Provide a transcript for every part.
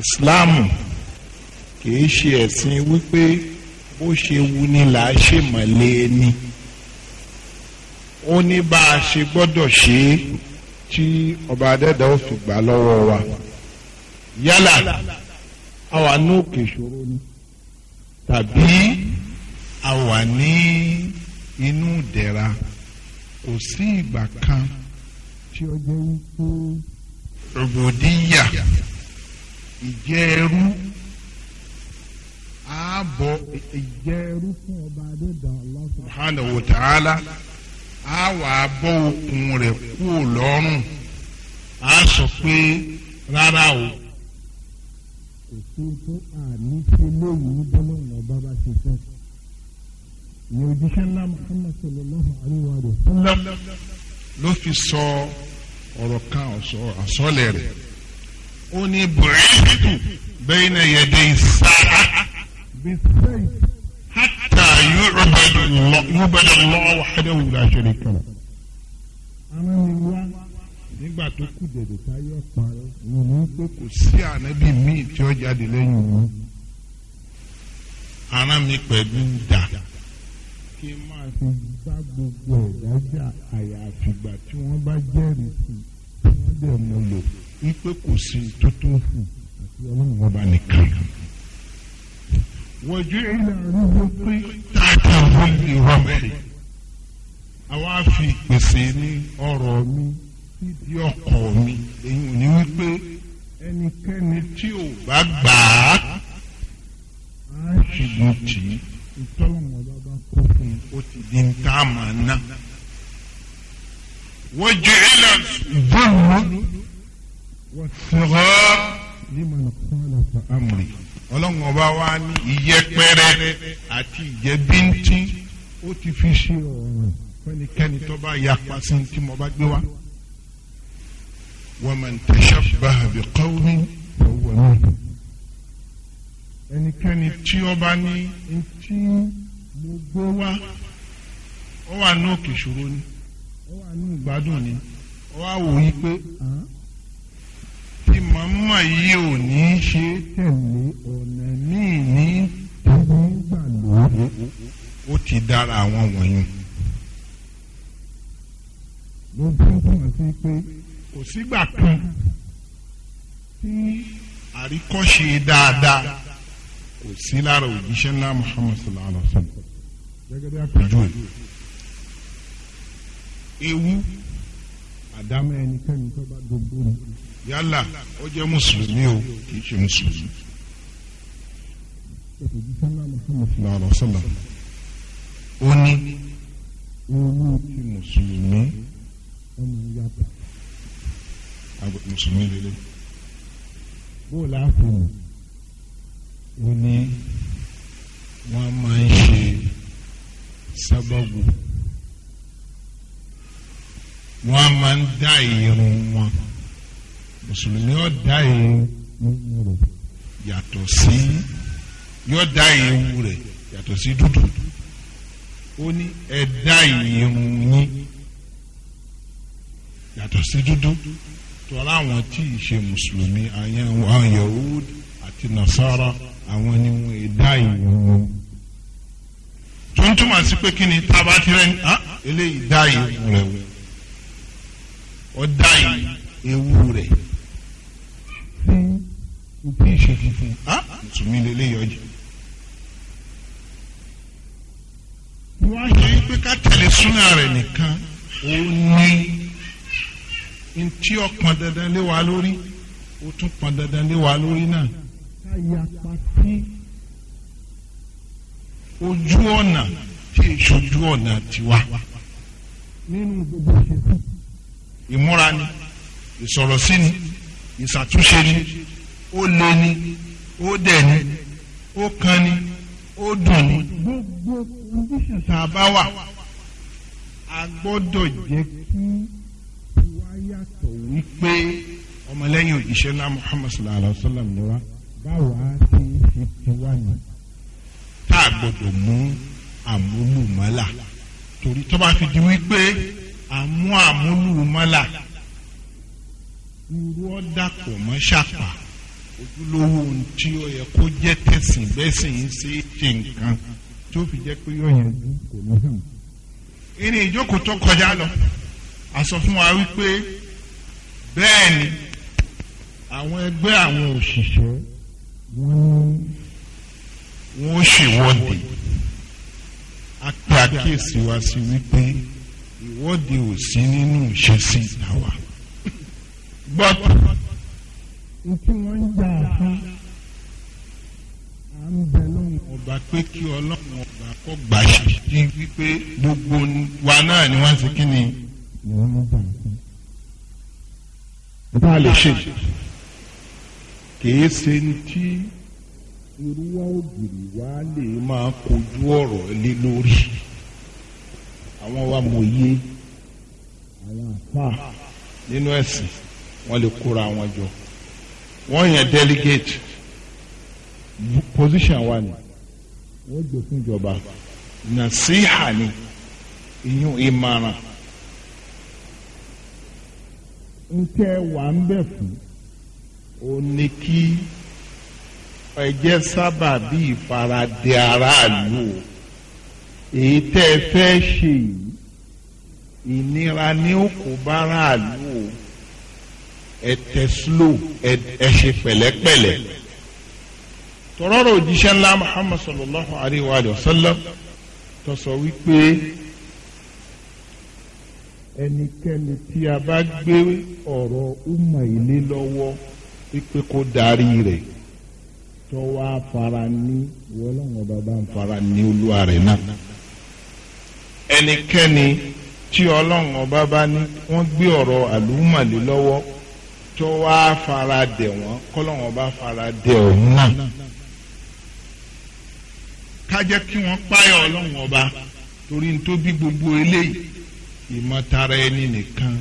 ìsìláàmù kìí ṣe ẹ̀sìn wípé bó ṣe wu ni là á ṣe mọ̀lẹ́ e ni ó ní bá a ṣe gbọ́dọ̀ ṣe é tí ọba adẹ́dá ó fi gbà lọ́wọ́ wa yálà àwa ní òkè ìṣòro ni tàbí àwa ní inú ìdẹ̀ra kò sí ìgbà kan tí ó jẹ́ wípé rògbòdìyà ìjẹ́ ẹrú ààbọ̀ ìjẹ́ ẹrú fún ọba adéda Allah subhanahu wa ta'ala a wà bọ́ okùn rẹ̀ kúrò lọ́rùn a sọ pé rárá o kò fún àní ṣe léyìí bọ́lá ọ̀nà bàbá ṣe fẹ́ ní ojúṣe ńlá Muhammad sallallahu alaihi wa sallam ló fi sọ ọ̀rọ̀ kan àsọlẹ̀ rẹ̀ ó ní bùrẹ́dìtù bẹ́ẹ̀ náà yẹ dé ìsára bí sẹ́yìn hátà yúbẹ̀dẹ̀ lọ́wọ́ ẹ̀dẹ̀ wùdà ṣẹlẹ̀ kẹlẹ̀. àwọn mi wá nígbà tó kù dẹ̀dẹ̀ táyé parẹ́ ìlú pé kò sí ànábì míì tí ó jáde lẹ́yìn mi. ara mi pẹ̀lú dà kí máa fi bá gbogbo ẹ̀dá jà àyàfìgbà tí wọ́n bá jẹ́rìí sí i tí wọ́n dẹ̀ mú lò wípé kò sí tó tó hù àti ọlọ́run ọba nìkan. wọ́jú ilẹ̀ arúgbó pé tààtà wọlé rọ́bẹ̀. àwa fi ìpèsè ní ọ̀rọ̀ mi síbi ọkọ̀ mi èyí ò ní wípé ẹnikẹ́ni tí ò bá gbà á á ṣègùn tì í ìtọ́lọ́mọ ọba bá kó fún un ó ti di ń tá a máa ná. wọ́jú ilẹ̀ bọ́ọ̀lù wọ́sọ̀rọ̀ liman khalafa amri ọlọ́run ọba wa ní ìyẹpẹrẹ àti ìyẹbíntí ó ti fi ṣe ọ̀ràn fẹ́nikẹ́ni tó bá yapa sí ní tí mo bá gbé wa. wa man tashabbaha bi qawmin fahuwa minhum. ẹnikẹ́ni tí ó bá ní etí mo gbé wa ó wà ní òkè ìṣòro ni ó wà ní ìgbádùn ni ó wà wò yí pé mọ̀ọ́mọ̀ yìí ò ní í ṣe tẹ̀lé ọ̀nà míì ní nígbà lóore ó ti dára àwọn wọ̀nyí. ló tún túmọ̀ sí pé kò sígbà kan tí àríkọ́ṣe dáadáa kò sí lára òjíṣẹ́ ńlá Muhammad sallallahu alaihi wa sallam gẹ́gẹ́ bí àpèjúwe ewu àdámọ́ ẹnikẹ́ni tó bá gbogbo rẹ̀ yálà ó jẹ́ mùsùlùmí o kì í ṣe mùsùlùmí. ó ní owó tí mùsùlùmí mùsùlùmí lélẹ̀. bó o láàpù ó ní wọ́n máa ń ṣe sábàbù wọ́n máa ń dá ìrun wọn mùsùlùmí ọ̀dà ewu rẹ̀ yàtọ̀ sí yọ̀dà ewu rẹ̀ yàtọ̀ sí dúdú ó ní ẹ̀dá ìyẹ̀wù yín yàtọ̀ sí dúdú tọ́lá àwọn tí ì ṣe mùsùlùmí àwọn yahood àti nasara àwọn ni wọn ẹ̀dá ìyẹ̀wù tó ń pé kí ni tábà ti rẹ̀ ah, eléyìí dá ìyẹ̀wù rẹ̀ wọ̀ ọ́ òpin ìṣe funfun mùsùlùmí lélẹ́ yọjú. wọ́n á ṣe pé ká tẹ̀lé súnà rẹ̀ nìkan ó ní ntí ọ̀pọ̀n dandan lé wa lórí ó tún pọ̀n dandan lé wa lórí náà. ká yapa sí ojú ọ̀nà tí ìṣojú ọ̀nà tiwa. nínú gbogbo ìṣèlú. ìmúra ni ìsọ̀rọ̀ sí ni ìṣàtúnṣe ni ó lé ní ó dẹ̀ ní ó kan ní ó dùn ní. gbogbo condition tá a bá wà a gbọ́dọ̀ jẹ́ kí wá yàtọ̀ wípé ọmọlẹ́yìn òjíṣẹ́ náà Muhammad sallallahu alayhi wa sallam ni wá báwa ti fi ti wá ní. tá a gbọ́dọ̀ mú àmúlùmọ́là torí tó bá fi di wípé àmú àmúlùmọ́là irú ọ̀dà kò mọ́ ṣàpà ojúlówó tí ó yẹ kó jẹ́ tẹ̀sìn bẹ́ẹ̀ sì ń ṣe é ṣe nǹkan tí ó fi jẹ́ pé yóò yẹn dún kò ní hàn. ìní ìjókòó tó kọjá lọ a fún wa wípé bẹ́ẹ̀ ni àwọn ẹgbẹ́ àwọn òṣìṣẹ́ wọ́n wọ́n ṣèwọ́de a wa sí wípé ìwọ́de ò sí nínú ìṣesí ìdáwà gbọ́dọ̀ ntí wọ́n ń jà fún à ń bẹ lọ́wọ́. ọba pé kí ọlọ́run ọba kọ́ gbà ṣe sí wípé gbogbo wa náà ni wọ́n ti kí ni. ni wọ́n ń jà fún. nípa lè ṣe kìí ṣe ti irúwá ògiri wa lè máa kojú ọ̀rọ̀ lé lórí àwọn wa mòye àwọn àfa nínú ẹ̀sìn wọ́n lè kóra wọn jọ wọ́n yàn delegate position wa ni wọ́n gbé fún ìjọba nàṣíhà ni ìyún ìmọ̀ràn ntẹ wà ń bẹ fún o ní kí ẹ jẹ́ sábà bí ìfaradẹ aráàlú o èyí tẹ́ ẹ fẹ́ ṣe yìí ìnira ní òkú báráàlú ẹ tẹ slow ẹ ṣe pẹ̀lẹ́pẹ̀lẹ́ tọrọrọ òjíṣẹ́ ńlá muhammad sallallahu alayhi wa sallam tó sọ wípé ẹnikẹ́ni tí a bá gbé ọ̀rọ̀ umma ilé lọ́wọ́ wípé kó darí rẹ̀ tọ́wọ́ afara ní wọ́lọ́wọ́ bàbá afara ní olúwa rẹ̀ náà ẹnikẹ́ni tí ọlọ́run ọba bá ní wọ́n gbé ọ̀rọ̀ àlùmọ̀lé lọ́wọ́ tó wá fara dẹ̀ wọ́n kọ́lọ́wọ́n bá fara dẹ̀ òun náà ká jẹ́ kí wọ́n páyọ̀ ọlọ́run ọba torí tó bí gbogbo eléyìí ìmọ̀tara ẹni nìkan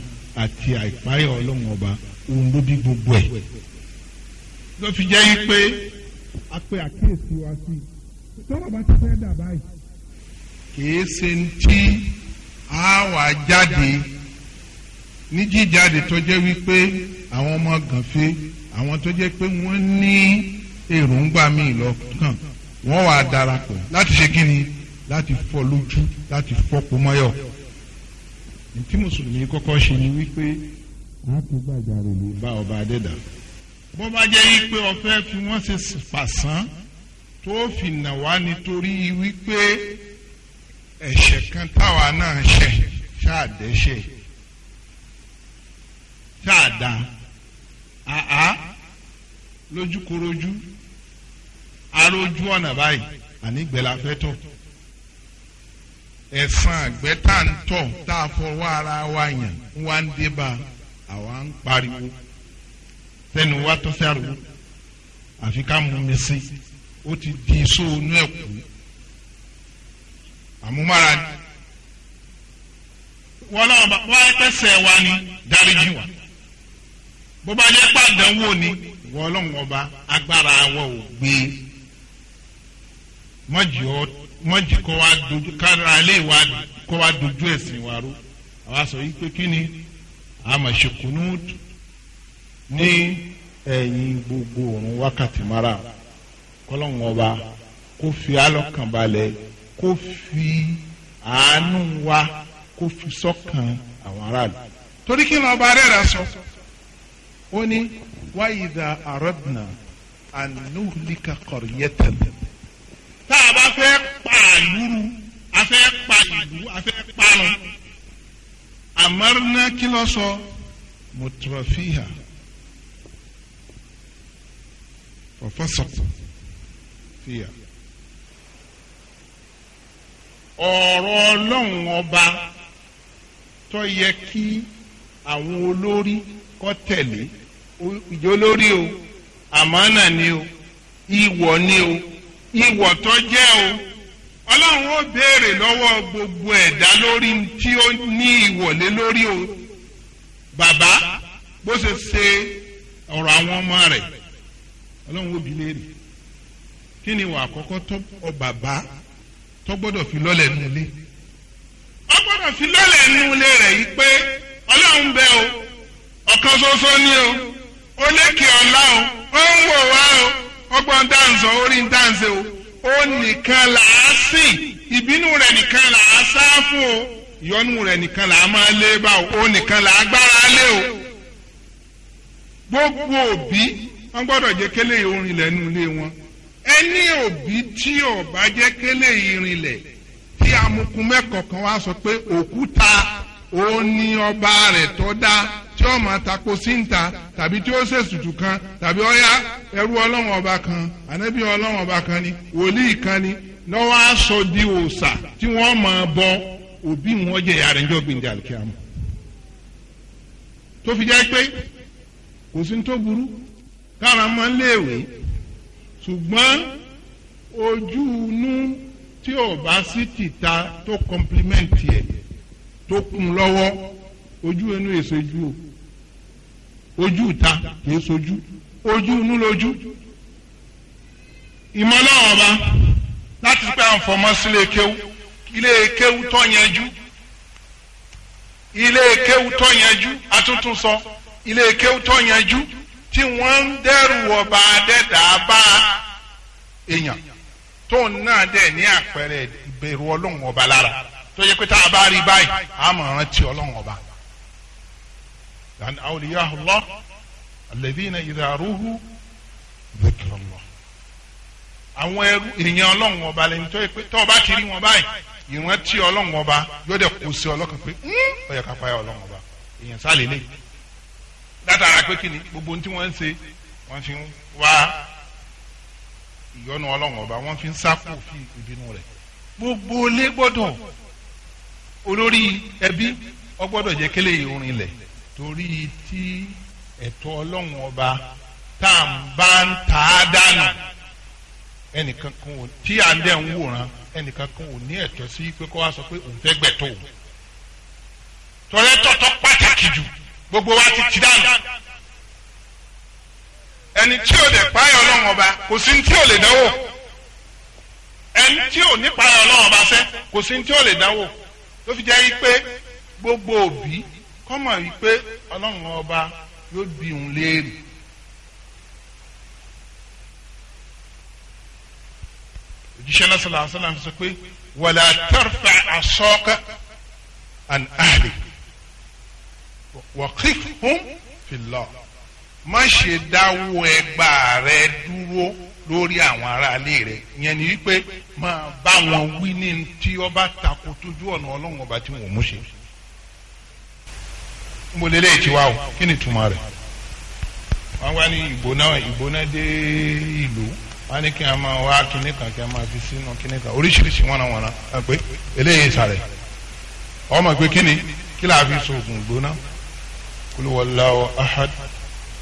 àti àìpáyọ̀ ọlọ́run ọba òun ló bí gbogbo ẹ̀ ló fi jẹ́ pé a pe àkíyèsí wa sí i tọ́wọ́ bá ti fẹ́ dà báyìí kìí ṣe ń tí a wà jáde ní jíjáde tó jẹ́ wípé àwọn ọmọ gànfẹ́ àwọn tó jẹ́ pé wọ́n ní èròǹgbà míì lọ́kàn wọ́n wà darapọ̀ láti ṣe kí ni láti fọ́ lójú láti fọ́pọ̀ mọ́yọ̀ tí mùsùlùmí kọ́kọ́ ṣe ni wípé wọ́n ti gbàgbà rẹ̀ lè bá ọba adẹ́dà. bó bá jẹ́ wípé o fẹ́ fi wọ́n ṣe fàṣán tó fi nà wá nítorí wípé ẹ̀ṣẹ̀ kan táwa náà ṣẹ̀ ṣáà dẹ́ṣẹ̀ sáàdá àá lójúkorojú arójú ọ̀nà báyìí ànígbẹ̀lá fẹ́ ẹ̀sán àgbẹ̀ tá a fọwọ́ ara wa yàn ń wá ń débà àwa ń pariwo tẹnu wa tọ́ sí àrùn àfi ká mú mi sí ó ti di sóònú ẹ̀kú àmúmára wọ́n lọ́wọ́ bá á tẹ̀sẹ̀ wa ni dáríjì wa bó bá yẹ pàdánwò ni wọ́n ọlọ́run ọba agbára wọ́n ò gbé mọ́jì kọ́ wa dojú kára alẹ́ wa kọ́ wa dojú ẹ̀sìn wa ró àwa sọ yìí pé kí ni àmọ̀ṣekùnú ní ẹ̀yìn gbogbo òrùn wákàtí mara kọ́lọ́run ọba kó fi alọ́kànbalẹ̀ kó fi àánú wa kó fi sọ́kàn àwọn aráàlú torí kí ni ọba rẹ̀ rà sọ. So ó ní wáyìdà àrọ́dùnà ànúhùlíkà kọ̀rìyẹ́tẹ̀. tá a bá fẹ́ pa àlúru a fẹ́ pa ìlú a fẹ́ parun àmọ́rúná kí ló sọ mùtúrọ̀fíhà fọfọ́sọ̀tò ọ̀rọ̀ ọlọ́run ọba tó yẹ kí àwọn olórí kọ́ tẹ̀lé ìjọ olórí o àmánà ni o ìwọ ni o ìwọ tó jẹ́ o ọlọ́run ó béèrè lọ́wọ́ gbogbo ẹ̀dá lórí tí ó ní ìwọlé lórí o bàbá bó ṣe ṣe ọ̀rọ̀ àwọn ọmọ rẹ̀ ọlọ́run ó bi léèrè kí ni ìwà àkọ́kọ́ tó bàbá tó gbọ́dọ̀ fi lọ́lẹ̀ nulẹ̀ ọ gbọ́dọ̀ fi lọ́lẹ̀ nulẹ̀ rẹ̀ yìí pé. ọlọ́run bẹ o ọ̀kan ṣoṣo ni o ó ọ̀la o ó ń wò wá o ọgbọ́n orí o ó nìkan là á sìn ìbínú rẹ̀ nìkan là á sá fún o ìyọnu rẹ̀ nìkan là á máa lé bá o ó nìkan o gbogbo òbí wọn orin ilé wọn ẹni òbí tí bá irin tí ó ní ọba rẹ̀ tó dá tí ó máa tako síta tàbí tí ó ṣèṣùtù kan tàbí ọ̀yá ẹrú ọlọ́run ọba kan ànábì ọlọ́run ọba kan ni wòlíì kan ni lọ́wọ́ aṣọ di òòṣà tí wọ́n máa bọ òbí wọn jẹ ìyá rẹ̀ níjọ́ gbìndín àlùkìyàmù tó fi jẹ́ pé kò sí tó burú kára máa léèwé ṣùgbọ́n ojú inú tí ò bá sí tìta tó kọ́ńplimẹ́ǹtì ẹ̀ tó kún un lọ́wọ́ ojú inú èso ojú o ojú ìta kì í sojú ojú inú lójú ìmọ̀lọ́wọ́ ọba láti pẹ́ àǹfọ̀mọ́ sílé kéwú ilé kéwú tó yanjú ilé kéwú tó yanjú atúntún sọ ilé kéwú tó yanjú tí wọ́n ń dẹ́rù ọba adẹ́dàá bá èèyàn tóun náà dẹ̀ ní àpẹẹrẹ ìbẹ̀rù ọlọ́run ọba lára tó yẹ pé tá a bá rí báyìí a máa rántí ọlọ́run ọba yani awliya Allah alladhina idha ruhu dhikra Allah àwọn ẹrú èèyàn ọlọ́run ọba lẹ́yìn tó yẹ pé tó o bá ti rí wọn báyìí ìrántí ọlọ́run ọba yóò dẹ̀ kó sí ọlọ́kan pé hmm, ó yẹ ká pààyà ọlọ́run ọba èèyàn sálẹ̀ lé látara pé kí gbogbo ohun tí ń ṣe wọ́n fi wá ìyọ́nú ọlọ́run ọba wọ́n fi ń sá kó fi ìbínú rẹ̀ gbogbo lé gbọ́dọ̀ olórí ẹbí ọgbọ́dọ̀ jẹ́ kélé ìrìn lẹ̀ torí tí ẹ̀tọ́ ọlọ́run ọba tá à ń bá ń ta á dànù ẹnìkan kan ò tí à ń dẹ̀ ń wòran ẹnìkan kan ò ní ẹ̀tọ́ sí pé kó wá sọ pé òun fẹ́ gbẹ̀tọ́ òun tọ́lẹ́ tọ́tọ́ pàtàkì jù gbogbo wa ti ti dànù ẹni tí ò lè páyọ̀ ọlọ́run ọba kò sí ní tí ò lè dánwò ẹni tí ò ní páyọ̀ ọlọ́run ọba fẹ́ kò sí ní tí ò lè dánwò ló fi jẹ́ wípé gbogbo òbí kọ́mọ̀ wípé ọlọ́run ọba yóò bí òun léèrè. òjíṣẹ́ lọ́sọ̀lá àṣọlá sọ pé wàlá tẹ́rfà àṣọ́kà an ahli wàkíkùn fìlà má dáwọ́ ẹgbàá rẹ dúró lórí àwọn aráalé rẹ yẹn ni wípé máa bá wọn wí ní tí ọba tako tójú ọ̀nà ọlọ́run ọba tí wọn mú ṣe mo lélẹ́yìí tí wá o kí ni ìtumọ̀ rẹ̀ wọ́n wá ní ìgbóná ìgbóná dé ìlú wọ́n ní kí a máa wá kíní kan kí a máa fi sínú kíní kan oríṣiríṣi wọ́n náà wọ́n náà pé eléyìí sàrẹ̀ wọ́n mọ̀ pé kíni kí là á fi sòògùn gbóná kúlù wàlláhu ahad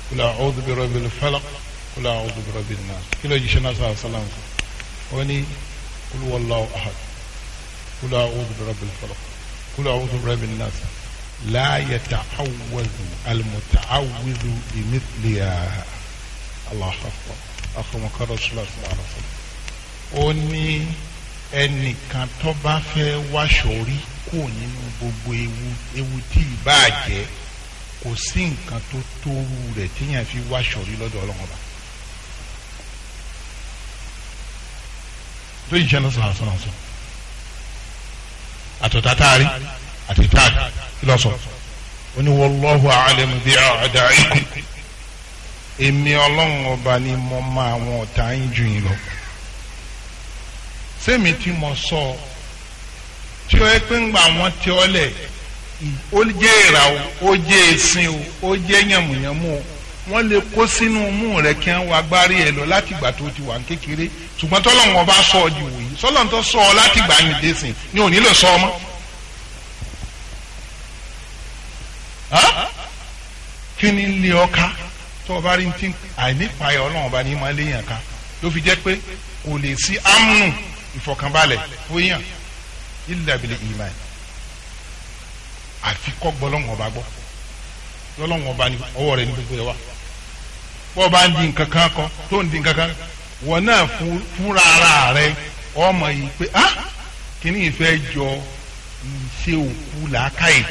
kúlù a'udhu bi rabbil kúlọ̀ àwọn olùdókòrò bíi nà kí ló jíṣẹ́ náà sọ̀rọ̀ sọ́lá nǹkan ó ní kúlọ̀ wọ́n lọ́wọ́ ahad kúlọ̀ àwọn olùdókòrò bíi fọlọ́ kúlọ̀ àwọn olùdókòrò bíi nà láàyè tà áwùwẹ̀dù àlùmọ̀tà áwùwẹ̀dù ìmìtìlíyà aláhàfọ̀ àfọmọkọ́rọ̀ sọ́lá sọ́lá ó ní ẹnìkan tó bá fẹ́ wáṣọ rí kò nínú gbogbo ewu ewu tí ì bá jẹ́ kò sí nǹkan tó tóru rẹ̀ téèyàn fi wáṣọ rí lọ́dọ̀ ọlọ́run ọba tó yíṣẹ́ náà sọ̀rọ̀ sọ̀rọ̀ sọ̀rọ̀ àtọ̀tà táàrí àti táàrí kí lọ sọ ó ní wallahu a'lamu bi a'da'ikum èmi ọlọ́run ọba ni mo mọ àwọn ọ̀tá yín jù yín lọ sẹ́mi tí mo sọ tí ó yẹ pé ń gba àwọn tí ó lẹ̀ ó jẹ́ ìrà o ó jẹ́ èsìn o ó jẹ́ yànmùyànmù o wọ́n lè kó sínú mú rẹ̀ kí wọ́n wá gbárí ẹ̀ lọ láti ìgbà tó ti wà kékeré ṣùgbọ́n tọ́lọ́run ọba sọ ọ di wòye sọlọ́run tó sọ ọ láti gbà yín dé sìn ni ò nílò sọ ọmọ. kí ni lé ọka tó o bá rí ti àìnípayọ ọlọ́run ọba ní máa léèyàn ká ló fi jẹ́ pé kò lè sí amúnù ìfọ̀kànbalẹ̀ fóyàn ìlàbílẹ̀ ìmáì àfi kọ́ gbọ́lọ́hún ọba gbọ́ lọ́lọ́hún ọba ni ọwọ́ rẹ̀ ní gbogbo ẹ̀ wá bọ́ọ̀ bá ń di nǹkan kan kọ tó ń di nǹkan kan wọ́n náà fúnra ara rẹ ọmọ yìí pé ah kíní ìfẹ́ jọ ìṣe òkú làákàyè.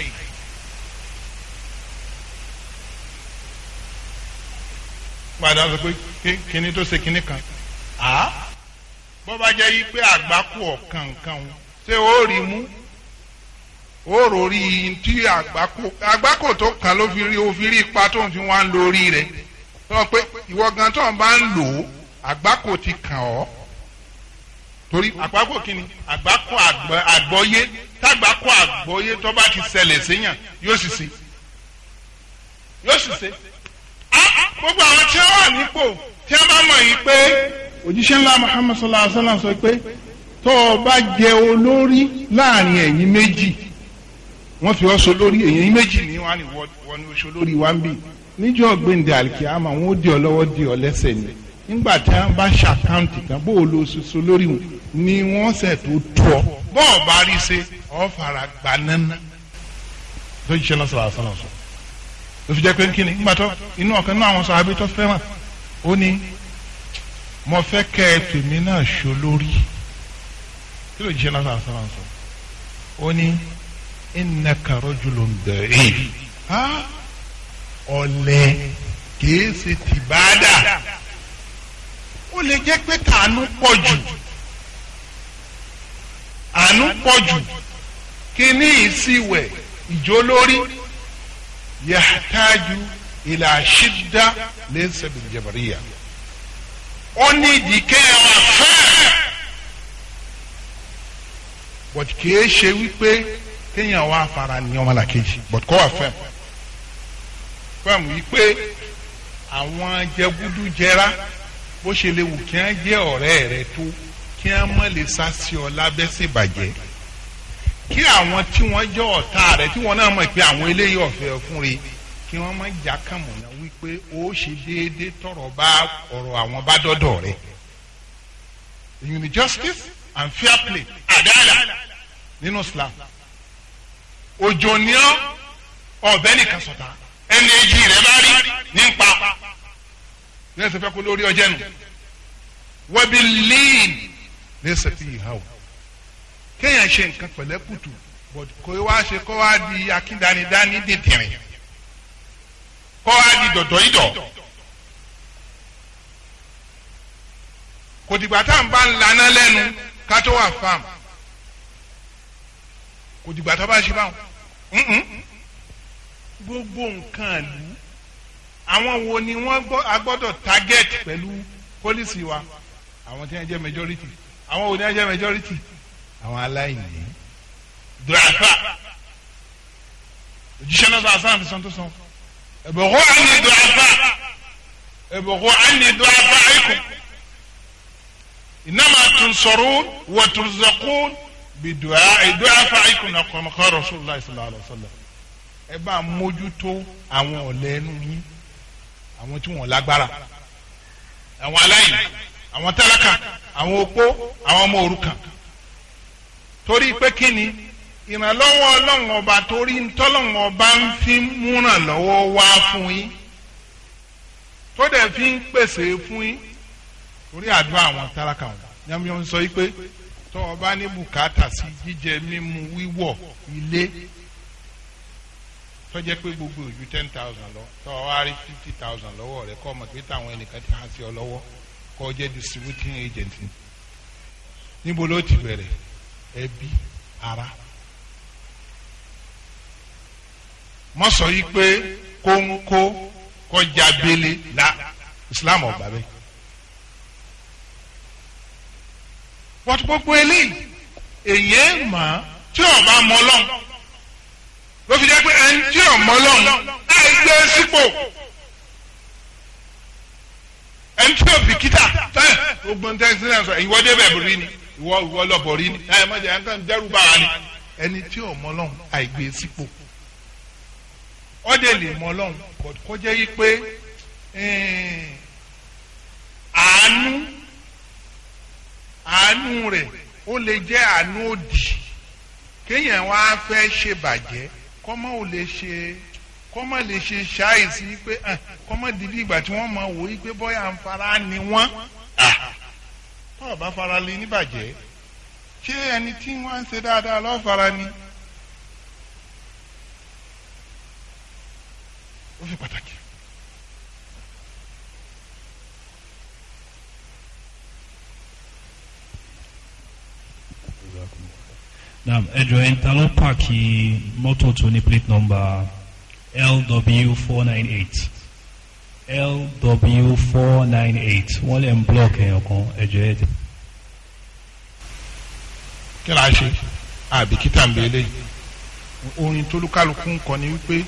padà sọ pé kíní tó ṣe kíní kan ah bọ́ bá jẹ́ yí pé àgbákù ọ̀kan kan ṣé ó rí mú ó rori tí àgbákò àgbákò tó kàn ló fi rí o fi rí ipa tó ń fi wá ń lórí rẹ̀ sọ pé ìwọ gan tó ń bá ń lò ó àgbákò ti kàn ọ́ torí àgbákò kí ni àgbákò àgbọ́yé tágbákò àgbọ́yé tó bá ti ṣẹlẹ̀ séyàn yóò sì ṣe yóò sì ṣe gbogbo àwọn tí wọ́n wà nípò tí wọ́n bá mọ̀ yìí pé òjíṣẹ́ ńlá Muhammad sallallahu alaihi wasallam sọ pé tó o bá jẹ olórí láàrin ẹ̀yin méjì wọ́n fi ọ́ so lórí ẹ̀yin méjì ní wọ́n ní oṣù lórí wa ń níjọ́ gbẹ̀ǹdẹ̀ àlìkíyàmà wọ́n ó di ọ lọ́wọ́ di ọ lẹ́sẹ̀ ni nígbà tí wọ́n bá ṣàkáǹtì kan bó o lo soso lórí wọn ni wọ́n ṣẹ̀ tó tù ọ́ bọ́ ọ bá rí ṣe ọ fara gbà nánà tó jíṣẹ́ náà sọ̀rọ̀ àṣà náà sọ ló fi jẹ́ pé kí ni nígbà tó inú ọ̀kan náà àwọn sọ abẹ́ fẹ́ràn ó ní mo fẹ́ kẹ́ ẹ tèmi náà ṣo lórí kí ló jíṣẹ́ náà sọ̀rọ̀ àṣà náà sọ ó ní innaka rajulun da'if ha ọ̀lẹ kìí ṣe tìbádà ó lè jẹ́ pé kàánú pọ̀ jù àánú pọ̀ jù kíní ìsìwẹ̀ ìjó lórí yàtájú ìlà ṣídá lẹ́sẹ̀bì jẹ̀bẹ̀ríyà ó ní ìdíkẹ́ ọ̀rọ̀ fẹ́ẹ̀ but kìí ṣe wípé kéèyàn wá fara ní ọmọlàkejì but kọ́ wà fẹ́ẹ̀ fẹ́ẹ̀ wípé àwọn jẹgúdú jẹra bó ṣe lè wù kí wọ́n jẹ́ ọ̀rẹ́ rẹ tó kí wọ́n mọ̀ lè sá sí ọ lábẹ́ sí kí àwọn tí wọ́n jẹ́ ọ̀tá rẹ tí wọ́n náà mọ̀ pé àwọn eléyìí ọ̀fẹ́ fún rẹ kí wọ́n má já kàmùnà wípé ó ṣe déédéé tọ̀rọ̀ bá ọ̀rọ̀ àwọn bá dọ́dọ̀ rẹ you need justice and fair play àdáàlà nínú Islam òjò ní ọ ọbẹ nìkan sọta ẹni èjì rẹ bá rí ní pa ní ẹsẹ̀ fẹ́ kó lórí ọjẹ́ nu wọ́bi lean ní ẹsẹ̀ tí yìí hà o kéèyàn ṣe nǹkan pẹ̀lẹ́kùtù but kò wá ṣe kó wá di akíndanidání dìtìrìn kó wá di dọ̀dọ̀ ìdọ̀ kò dìgbà tá à ń bá ń laná lẹ́nu ká tó wà fam kò dìgbà tá a bá ṣe báwọn gbogbo nǹkan àwọn wo ni wọ́n gbọ́dọ̀ target pẹ̀lú pólísì wa àwọn tí wọ́n jẹ́ majority àwọn wo ni wọ́n jẹ́ majority àwọn aláìní dùràfà òjíṣẹ́ náà sọ àṣà àfisàn tó sàn ẹ̀bùkún àní dùràfà ẹ̀bùkún àní dùràfà ẹ̀kọ́ ìnáma tunsorun wọ̀tùnzọ̀kún bí dùràfà ẹ̀kọ́ náà kọ́ ọ̀rọ̀ sọ̀rọ̀ ẹ bá mójútó àwọn ọ̀lẹ́nu yín àwọn tí wọn lágbára àwọn aláìní àwọn tálákà àwọn opó àwọn ọmọ òrukàn torí pé kí ni ìrànlọ́wọ́ ọlọ́run ọba torí ntọ́lọ́run ọba ń fi múràn lọ́wọ́ wá fún yín tó dẹ̀ fi ń pèsè fún yín torí àdúrà àwọn tálákà wọn yàmùyàn sọ yìí pé tó o ní bùkátà sí jíjẹ mímu wíwọ̀ ilé tó jẹ́ pé gbogbo ojú ten thousand lọ tó o wá rí fifty thousand lọ́wọ́ rẹ kọ́ ọmọ pé táwọn ẹnìkan ti hàn sí ọ lọ́wọ́ kọ́ ọ jẹ́ distributing agent ni níbo ló ti bẹ̀rẹ̀ ẹbí ara mọ sọ yìí pé kóńkó kọjá bele la Islam ọgbà bẹ́ẹ̀ wọ́n ti gbogbo eléyìí èyí ẹ̀ mà tí ọba mọ́ lọ́n ló fi jẹ́ pé ẹni tí ò mọ lọ́hùn láì gbé sípò ẹni tí ò bìkítà táyà gbogbo ní tẹ́sí náà sọ ìwọ débẹ̀ borí ni ìwọ ìwọ lọ borí ni táyà mọ̀jẹ̀ ẹni tó ń dẹ́rù bá wa ni ẹni tí ò mọ láì gbé sípò ọ̀dẹ̀ lè mọ kó jẹ́ yí pé eh, àánú àánú rẹ̀ ó lè jẹ́ àánú òdì kéèyàn wá fẹ́ ṣèbàjẹ́ kọ́mọ ò lè ṣe kọ́mọ lè ṣe ṣàìsí pé kọ́mọ dìbí ìgbà tí wọ́n máa wò ó pé bọ́yà ń fara ni wọ́n tọ́ọ̀ bá fara lé níbàjẹ́ ṣé ẹni tí wọ́n ń ṣe dáadáa lọ́ọ́ fara ni ó fi pàtàkì. Naam, ẹjọ́ talo ló pààkì mọ́tò tó ní plate number LW four nine eight LW four nine eight eh, wọ́n eh? lè ń block ẹ̀yàn kan ẹjọ́ ẹ̀ tẹ̀. Kí ni a ṣe? Àbíkítà ń bẹ eléyìí. Orin tólúkálukú ń ni wípé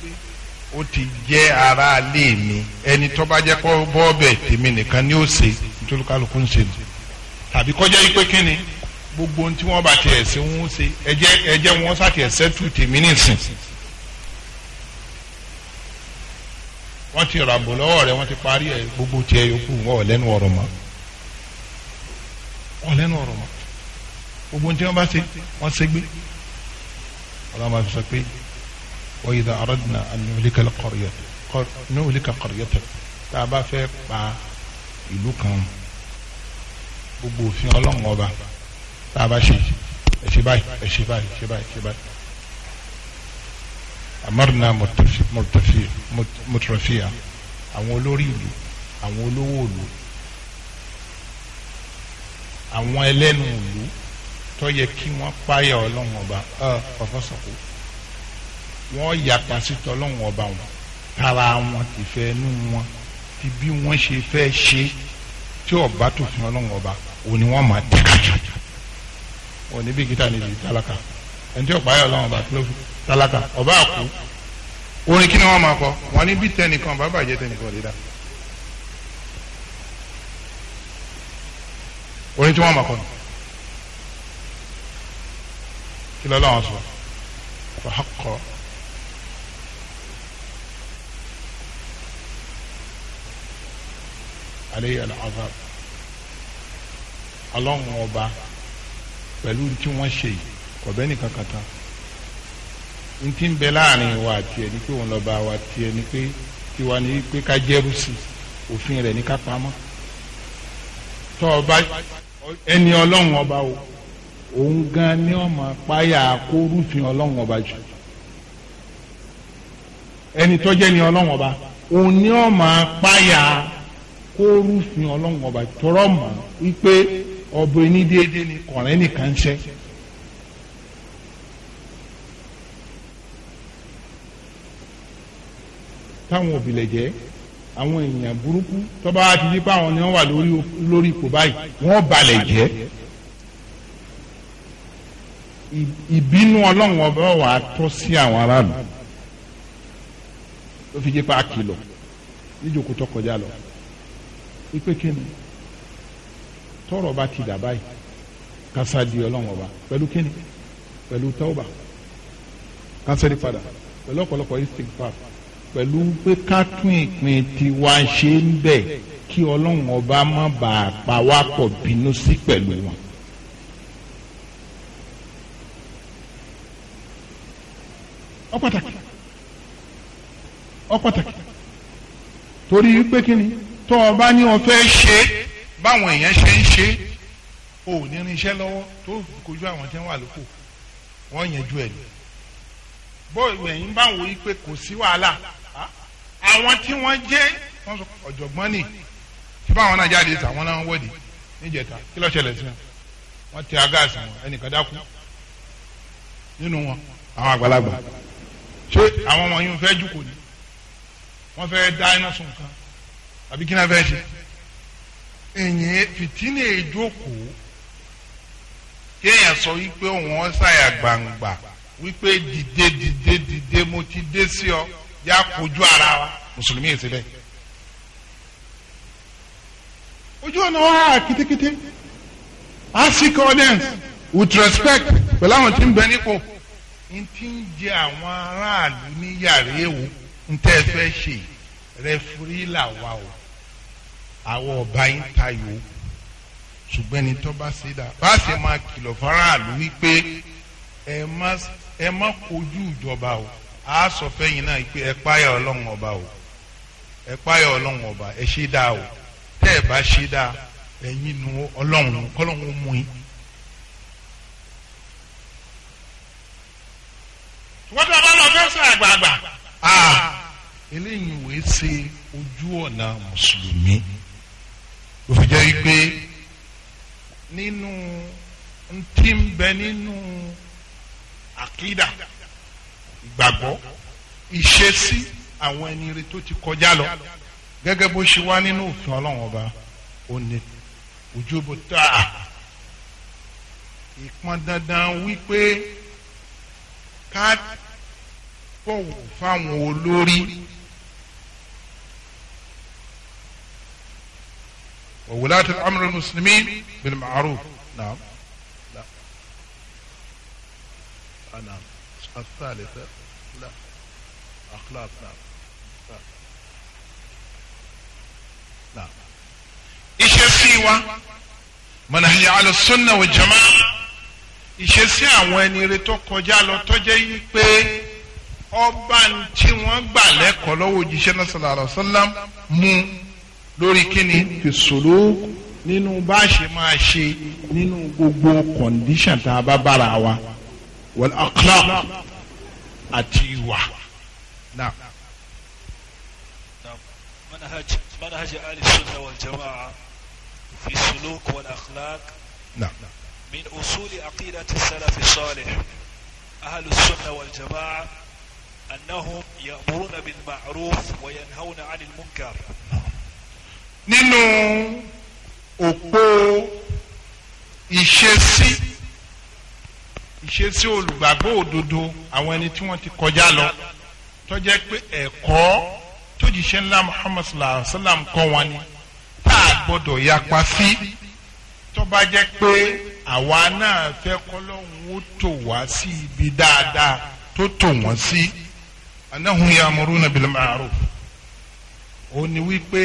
ó ti je ara ilé mi ẹni tó bá jẹ́ kó bọ́ ọbẹ̀ tèmi nìkan ni ó ṣe tólúkálukú ń ṣe tàbí kọjá yìí pé kí ni gbogbo ohun tí wọ́n bá tiẹ̀ sí wọn ṣe ẹjẹ́ ẹjẹ́ wọn sàtiẹ̀ sẹ́tù tèmi nìsín wọ́n ti ràbò lọ́wọ́ rẹ̀ wọ́n ti parí ẹ̀ gbogbo tiẹ̀ yòókù wọn ò lẹ́nu ọ̀rọ̀ mọ́ wọn lẹ́nu ọ̀rọ̀ mọ́ gbogbo ohun tí wọ́n bá ṣe wọ́n ṣe gbé ọlọ́run bá sọ pé wọ́n yìí dá ọ̀rọ̀dùnà níwòlíkà kọ̀rìyà tá a bá fẹ́ pa ìlú kan gbogbo òfin ọlọ́run ọba tá a bá ṣe ẹ ṣe báyìí ṣe báyìí ṣe báyìí ṣe báyìí. amarna mutrafiya àwọn olórí ìlú àwọn olówó ìlú àwọn ẹlẹ́nu ìlú tó yẹ kí wọ́n páyà ọlọ́run ọba ọ̀fọ́sọ̀kù wọ́n yàpá sí tọ́lọ́run ọba wọn tara wọn ti fẹ́ nú wọn ti bí wọ́n ṣe fẹ́ ṣe tí ọba tó fi ọlọ́run ọba òní wọ́n máa tẹ̀ kájọ wọn níbi gita níbi tálákà ẹni tí ọ̀pá ayọ̀ lọ́wọ́ bá tó tálákà ọba àkú orin kí ni wọ́n máa kọ wọ́n ní bí tẹnìkan bá bàjẹ́ tẹnìkan dídá orin tí wọ́n máa kọ ni kí lọ́la wọn sọ wà á kọ. aleyhi alazab alonso ọba pẹ̀lú tí wọ́n ṣe yìí kọ̀bẹ́ nìkan kan tán n ti ń bẹ láàrin wa àti ẹni pé òun lọ́ba wa ti ẹni pé tiwa ni pé ká jẹ́rú sí òfin rẹ̀ ní ká pamọ́ tọ́ ọba ẹni ọlọ́run ọba o òun gan ni ọmọ páyà kórúfin ọlọ́run ọba jù ẹni tọ́jẹ́ ni ọlọ́run ọba òun ni ọmọ páyà kórúfin ọlọ́run ọba tọrọ mọ́ wípé ọ̀bọ ní déédéé ni kọ̀rẹ́ nìkan ṣẹ́. táwọn òbílẹ̀ jẹ́ àwọn èèyàn burúkú tọ́ba wa ti di pé àwọn ni wọ́n wà lórí ipò báyìí wọ́n balẹ̀ jẹ́ ìbínú ọlọ́run ọba wa tọ́ sí àwọn aráàlú ló fi jẹ́ pé a kìlọ̀ níjókòó lọ ipe kí ni tọrọ bá ti dà báyìí kásá di ọlọ́run ọba pẹ̀lú kíni pẹ̀lú tọ́ọ̀bà kásẹ̀rì padà pẹ̀lú ọ̀pọ̀lọpọ̀ istikfar pẹ̀lú pé ká tún ìpín tiwa ṣe ń bẹ̀ kí ọlọ́run ọba má bàa pa wá pọ̀ bínú sí pẹ̀lú wọn. ó pàtàkì torí pé kíni tọ́ ọba ní o fẹ́ báwọn èèyàn ṣe ń ṣe o ò ní irinṣẹ́ lọ́wọ́ tó kojú àwọn tí wọ́n wà lóko wọ́n yanjú ẹ̀ lọ. bóyá ẹ̀yin bá wò ó pé kò sí wàhálà àwọn tí wọ́n jẹ́ wọ́n sọ ọ̀jọ̀gbọ́n nì tí báwọn náà jáde tàwọn náà wọ́de níjẹta kí ló ṣẹlẹ̀ sí wọn wọ́n tẹ agáàsì wọn ẹnìkan dákú nínú wọn àwọn àgbàlagbà ṣé àwọn ọmọ yìí fẹ́ jù kò ní wọ́n fẹ́ dá iná sùn kan àbí kí náà fẹ́ ṣe èyàn fìtínà ìjókòó kéèyàn sọ wípé òun ṣàyà gbangba wípé dìde dìde dìde mo ti dé sí ọ yá kojú ara wa mùsùlùmí yìí síbẹ̀. ojú ọ̀nà wa kitikiti a audience with respect pẹ̀lú àwọn tí ń bẹ nípò n ti ń jẹ àwọn aráàlú ní yàrá èwo n tẹ́ fẹ́ ṣe rẹfurí làwa o àwọn ọba yín tayò ṣùgbọ́n ẹni tó bá ṣe dá bá ṣe máa kìlọ̀ faraàlú wípé ẹ má kojú ìjọba o a sọ fẹ́yìn náà pé ẹ páyà ọlọ́run ọba o ẹ páyà ọlọ́run ọba ẹ ṣe dá o tẹ́ ẹ bá ṣe dá ẹ̀yin nu ọlọ́run kọ́lọ́run mú yín. wọ́n tún ọba lọ fẹ́ sọ àgbààgbà. eléyìí wòé ṣe ojú ọ̀nà mùsùlùmí jẹ́ wípé nínú ntí ń bẹ nínú àkídà ìgbàgbọ́ ìṣesí àwọn ẹni rẹ tó ti kọjá lọ gẹ́gẹ́ bó ṣe wá nínú òfin ọlọ́run ọba òní ojúbọ tá ìpọn dandan wípé ká bọ̀wọ̀ fáwọn olórí. وولاة الأمر المسلمين بالمعروف نعم لا نعم الثالثة لا أخلاق نعم نعم iṣẹ́ sí wa mọ̀nàhì alùsùnà òjàmá iṣẹ́ sí àwọn ẹni rẹ tó kọjá lọ tọ́jẹ́ yìí pé ọba tí wọ́n gbà lẹ́kọ̀ọ́ lọ́wọ́ òjíṣẹ́ náà sallallahu alaihi wasallam mú un. lórí kíni fi sùlúk nínú bá a ṣe máa ṣe nínú gbogbo kọ̀ǹdíṣàn tá a bá bára wa wal akhlaq àti ìwà. منهج اهل السنه والجماعه في السلوك والاخلاق نعم من اصول عقيده السلف الصالح اهل السنه والجماعه انهم يامرون بالمعروف وينهون عن المنكر nínú òpó ìṣesí ìṣesí olùgbàgbọ́ òdodo àwọn ẹni tí wọ́n ti kọjá lọ tó jẹ́ pé ẹ̀kọ́ tó jíṣẹ́ ńlá Muhammad sallallahu alaihi wa sallam kọ́ wọn ni tá a gbọ́dọ̀ yapa sí tó bá jẹ́ pé àwa náà fẹ́ kọ́lọ́hún ó tò wá sí ibi dáadáa tó tò wọ́n sí anahun yamuruna bil ma'ruf ó ní wípé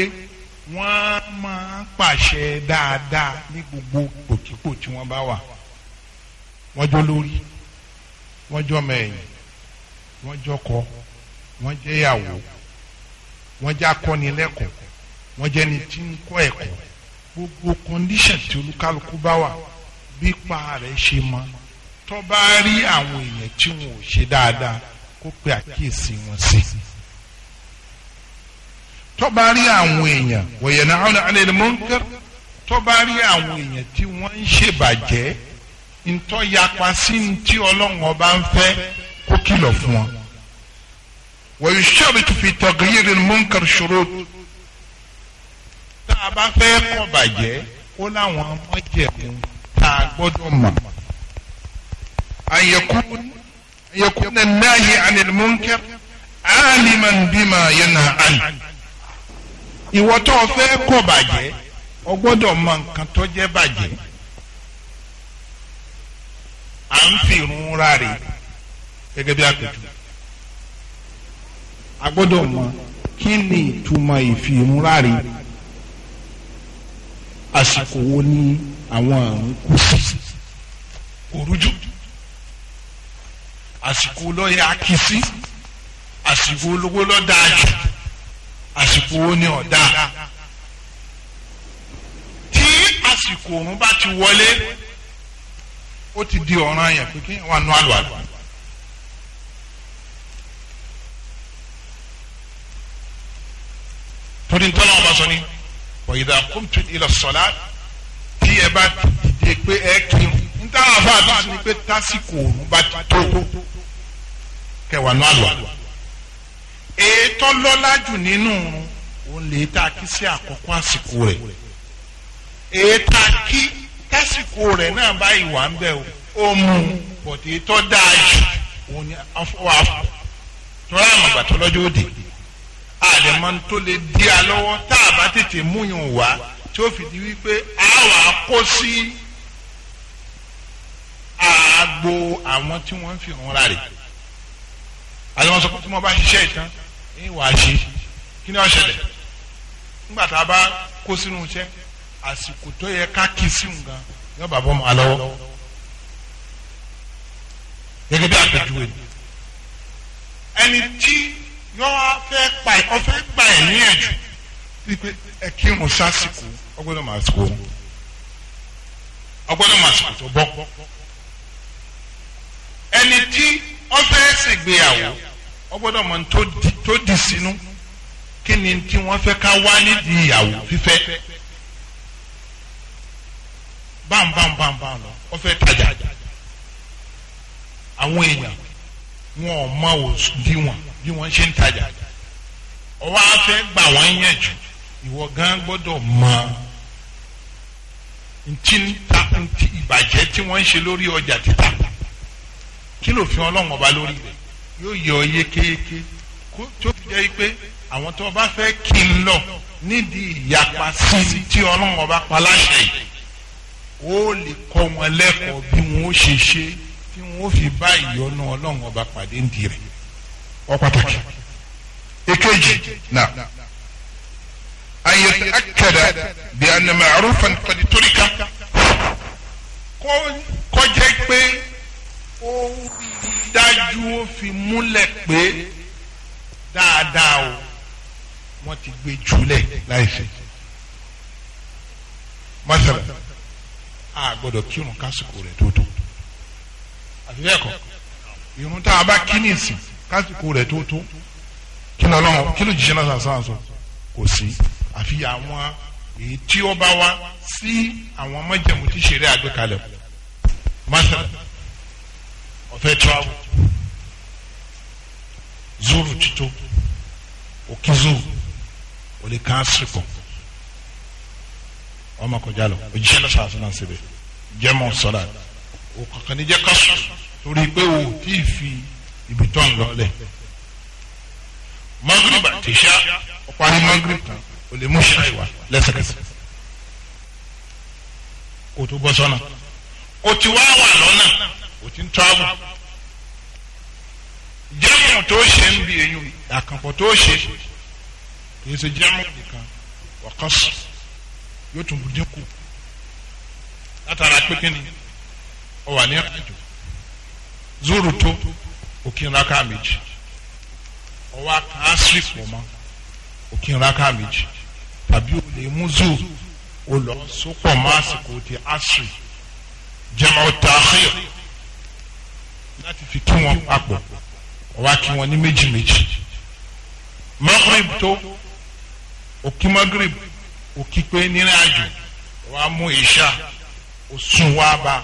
wọ́n máa pàṣẹ dáadáa ní gbogbo pòkípò tí wọ́n bá wà wọ́n jọ lórí wọ́n jọ mẹ́yìn wọ́n jọ kọ́ wọ́n jẹ́ ìyàwó wọ́n jẹ́ akọ́nilẹ́kọ̀ọ́ wọ́n jẹ́ ni tí ń kọ́ ẹ̀kọ́ gbogbo kọ́ndíṣàn tí olúkálukú bá wà bípa rẹ̀ ṣe mọ tó bá rí àwọn èèyàn tí wọn ò ṣe dáadáa kó pe àkíyèsí wọn sí i tó bá rí àwọn èèyàn wọ̀yẹ̀ náà ọ̀nà alẹ́ ni mò ń kẹ́ tó bá rí àwọn èèyàn tí wọ́n ń ṣèbàjẹ́ ntọ́ yapa sí ní tí ọlọ́run ọba ń fẹ́ kó kìlọ̀ fún wọn. wọ́n ṣọ́ọ̀bù tó fi tọ̀gìyìrì mò ń kẹ́ ṣòro tá a bá fẹ́ kọ́ bàjẹ́ láwọn amọ́jẹ̀kùn tá a gbọ́dọ̀ mọ̀. àyẹ̀kùn àyẹ̀kùn náà náà yẹ alẹ́ ni mò ń kẹ́ aliman bima yanha an ìwọ tó o fẹ́ kọ̀ bàjẹ́ o gbọ́dọ̀ mọ nǹkan tó jẹ́ bàjẹ́ à ń fi irun ra rè gẹ́gẹ́ bí àpètù a gbọ́dọ̀ mọ kí ni ìtumọ̀ ìfi irun ra rè àsìkò wo ni àwọn àrùn kù sí òrújú àsìkò lọ́ọ́ yẹ akísí àsìkò olówó lọ́ọ́ dáa jù àsìkò wo ni ọ̀dà tí àsìkò òun bá ti wọlé ó ti di ọ̀ràn yẹn pé kí wọ́n á nu àlùwàlù. torí ntọ́lá ọba sọ ni wa idha qumtum ila salat tí ẹ bá dìde pé ẹ kírun ntọ́lá ọba àti sọ ni pé tásìkò òun bá ti tó kẹwàá nu àlùwàlù ètò lọ́lájù nínú òun òun lè tá a kí sí àkọ́kọ́ àsìkò rẹ̀ ètò àkí tásìkò rẹ̀ náà báyìí wà ń bẹ̀ ó mú bọ̀dé ètò dáa jù òun ni wà á tọ́lá àmọ̀ gbàtọ́ lọ́jọ́ òde àlẹ́ máa ń tó lè di a lọ́wọ́ tá a bá tètè múyàn wá tí ó fìdí wípé a wà á kó sí àgbo àwọn tí wọ́n ń fi hàn rà rè àlẹ́ sọ pé tí wọ́n bá ṣiṣẹ́ ìtàn ń wàá ṣe kí ni ó ṣẹlẹ̀ nígbà tá a bá kó sínú iṣẹ́ àsìkò tó yẹ ká kí sí nǹkan yóò bàbá ọmọ alọ́wọ́ gẹ́gẹ́ bí àpèjúwe ni ẹni tí yóò fẹ́ pa ẹ̀ ọ fẹ́ gbà ẹ̀ ní ẹ̀jù wípé ẹ kírun sásìkò ọgbọ́dọ̀ máa sìkò ọgbọ́dọ̀ máa sìkò tó bọ́ ẹni tí ọ fẹ́ ṣègbéyàwó wọ́n gbọ́dọ̀ mọ̀ tó di sínú kí ni tí wọ́n fẹ́ ká wá nídìí ìyàwó bam bámbámbámbám lọ wọ́n fẹ́ tajà àwọn èèyàn wọn ò mọ òdiwọ̀n bí wọ́n ṣe ń tajà ọwọ́ afẹ́ gbà wọ́n yẹn jù ìwọ gan gbọ́dọ̀ mọ ntí ta ntí ìbàjẹ́ tí wọ́n ń ṣe lórí ọjà títà kí ló fi ọlọ́run ọba lórí rẹ̀ yóò yọ yékéyéké tó fi jẹ́ pé àwọn tó bá fẹ́ kí n lọ nídìí ìyapa sí tí ọlọ́run ọba pa láṣẹ yìí ó lè kọ́ wọn lẹ́kọ̀ọ́ bí wọ́n ṣe ṣe tí wọ́n fi bá ìyọnu ọlọ́run ọba pàdé ń di rẹ̀ ọ pàtàkì. èkejì náà ayẹyẹ akẹ́dà bí anamọ̀ àrùn fàǹtàdì toríka kọjá pé ó dájú ó fi múlẹ̀ pé dáadáa o wọ́n ti gbé jùlẹ̀ láìsí. mọ́sálà a gbọ́dọ̀ kírun kásìkò rẹ̀ tó tó àti bẹ́ẹ̀ kọ́ irun tá a bá kí ní ìsìn kásìkò rẹ̀ tó tó kí ló lọ́wọ́ kí ló jíṣẹ́ náà sàn sọ kò sí àfi àwọn èyí tí ó bá wá sí àwọn májẹ̀mú tí ṣeré àgbékalẹ̀ mọ́sálà fẹ́ travel zuru tító òkè zuru ò lè ká àṣírí pọ̀ ọmọ kọjá lọ òjíṣẹ́ náà sàásùn náà síbẹ̀ jẹ́mọ̀ sọ́dà òkàkàn ní jẹ́ ká sùn o tí ì fi ibi tó ń ba lẹ̀ magrib àtẹ̀ṣá ọ̀pá ní magrib tán o lè mú ṣáìwá lẹ́sẹ̀kẹsẹ̀ kò tó bọ́ sọ́nà o ti wa wà lọ́nà kò tí ń travel jẹ́mu tó ṣe ń bi èyí àkànpọ̀ tó ṣe kìí ṣe jẹ́mu nìkan ọ̀kan sùn yóò tún dín kù látara pínpín ni ọ wà ní àjò zoro tó òkìnrin aká méjì ọwọ́ aká asiri pọ̀ mọ́ òkìnrin aká méjì tàbí o mú zoro o lọ mọ́ àsìkò ti asiri jẹ́mu ọ̀tá láti fi kí wọn papọ̀ wá kí wọn ní méjì méjì magrib tó òkí magrib òkí pé nírìn àjò wàá mú ìṣá òsùn wàá bá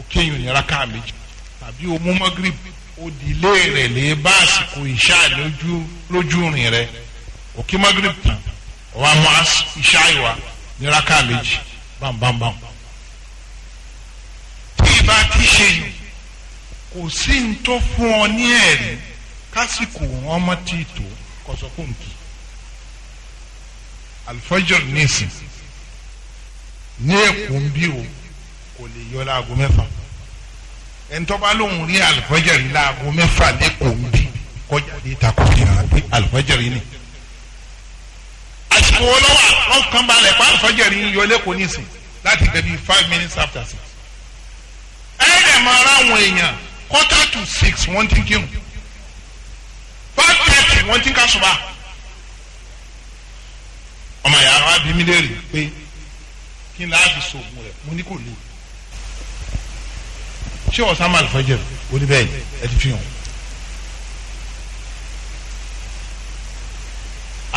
òkè yìí òyìnbá ká méjì tàbí o mú magrib o dìlé rẹ̀ lé bá àsìkò ìṣá lójú rìn rẹ̀ òkí magrib tán wàá mú ìṣá ìwà nírìn àká méjì bámbámbám tí ì kí ṣe yìí kò sí ní tó fún ọ ní ẹ̀rí kásìkò ọmọ tí ì tó kọsọkóǹkì alifajọ nísìn ní èkó ń bí o kò lè yọ láago mẹ́fà ẹnitọ́ba lòun rí alifajọ rí láago mẹ́fà lẹ́kọ̀ọ́ ń bí kọjá dé ta kò hàn pé alifajọ rí ni àsìkò ọlọ́wà wọn kàn balẹ̀ pa alifajọ rí yọ lẹ́kọ̀ọ́ nísìn láti dẹ́bi five minutes after six ẹ̀ẹ́dẹ̀ máa ra àwọn èèyàn quarter to six wọ́n ti kírun one thirty wọ́n ti ká ṣùgbọ́n ọmọ ìyá wa bí mi léèrè pé kí n láàbì sògùn rẹ̀ mo ní kò lè ṣé ọ̀sán máa lè fọ́jẹ̀ o ní bẹ́ẹ̀ ẹ ti fi hàn.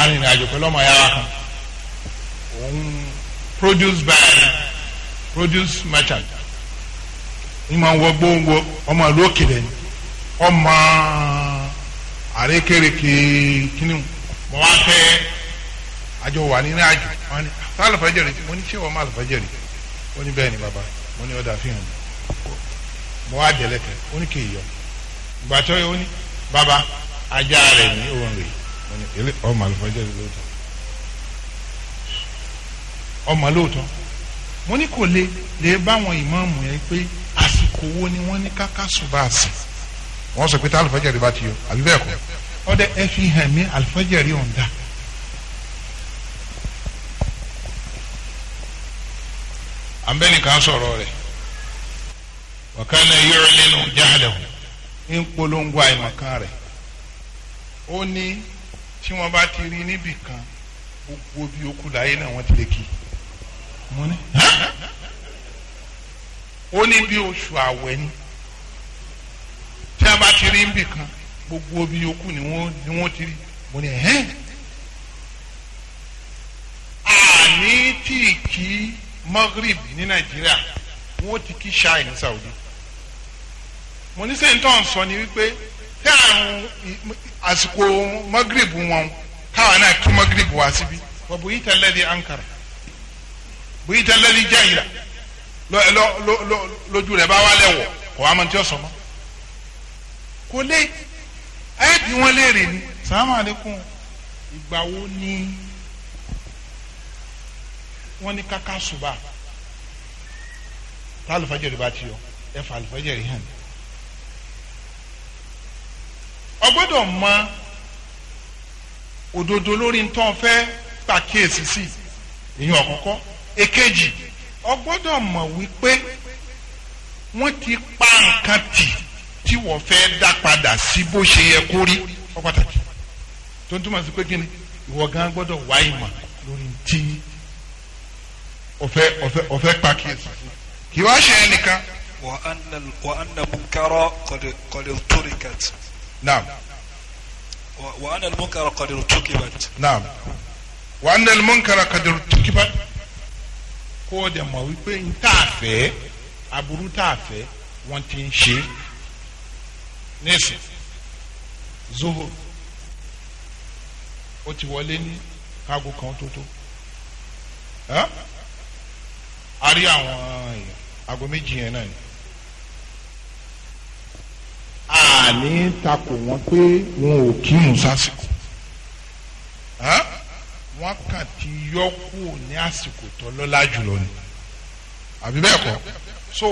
arìnrìnàjò pẹ̀lú ọmọ ìyá kan òun produce by produce merchant ní ma wọ gbóngbó ọmọ ìlú òkèlè ni ọmọ àrékèrèké kínní mo wá fẹ́ àjọ wà nínú àjò wọn ni alùpàjẹrì ah, mo ní ṣé wọn má alùpàjẹrì ó ní bẹ́ẹ̀ ni bàbá mo ní ọ̀dà fihàn mo wá dẹ̀lẹ́tẹ̀ ó ní kì í yọ ìgbà tó yẹ ó ní bàbá ajá rẹ̀ ní òun rè mo ní ilé ọmọ alùpàjẹrì lóòótọ́ ọmọ lóòótọ́ mo ní kò lè lè báwọn ìmáàmù yẹn pé àsìkò ni wọ́n ní káká subaasi wọ́n sọ pé tá alifajari bá ti yọ àbí bẹ́ẹ̀ kọ́ ọdẹ ẹ fi hàn mí alifajari ọ̀n da. àbẹ́nìkan sọ̀rọ̀ rẹ̀ wàkàlà yọ̀ọ́ nínú jáhálẹ̀ ń polongo àìmọ̀kan rẹ̀ ó ní tí wọ́n bá ti rí níbì kan gbogbo bí okùn láyé náà wọ́n ti lè kí. mo ní ó ní bí oṣù àwẹ̀ ni tí a bá ti rí ń bì kan gbogbo omi yòókù ni wọ́n ni wọ́n ti rí mo ní ẹ́ àní tí kí Maghrib ní Nàìjíríà wọ́n ti kí ṣáì ní Saudi mo ní sèǹtọ́n sọ ni wípé tí àrùn àsìkò Maghrib wọn káwa náà kí Maghrib wá síbi wọ́n bu yìí Ankara bu yìí tẹ́lẹ̀ di lójú rẹ̀ bá wà lẹ́wọ̀ kò wá mọ tí ó sọ mọ́ kò lé ayé bí wọ́n léèrè ni sàmú àlékún ìgbà wo ni wọ́n ní kaka ṣùgbà tá àlùfájẹ̀rì bá ti yọ ẹ fà àlùfájẹ̀rì hàn ọgbọ́dọ̀ mọ òdodo lórí ntọ́ fẹ́ pàkíyèsí sí ìyẹn ọ̀kọ́kọ́ èkejì. E o gbọ́dọ̀ mọ̀ wípé wọ́n ti pa nǹkan tì tí wọ́n fẹ́ dá padà sí bó ṣe yẹ kó rí ọ pàtàkì tó ń túmọ̀ sí pé kíni ìwọ gan gbọ́dọ̀ wá ìmọ̀ lórí tí ọ̀fẹ́ ọ̀fẹ́ ọ̀fẹ́ pàkíyèsí kì wá ṣe ẹnìkan. wà á nà munkara qad turikat. naam. wà á nà munkara qad tukibat. naam. wà á nà munkara qad tukibat kó o dẹ̀ mọ̀ wípé n tá a fẹ́ aburú tá a fẹ́ wọ́n ti ń ṣe nísìn zoho ó ti wọlé ní kágo kan tó tó a rí àwọn aago méjì yẹn náà ni àní takò wọn pé wọn ò kírun sásìkò wọ́n kàn ti yọ kúrò ní àsìkò tó lọ́lá jùlọ ni àbí bẹ́ẹ̀ kọ́ so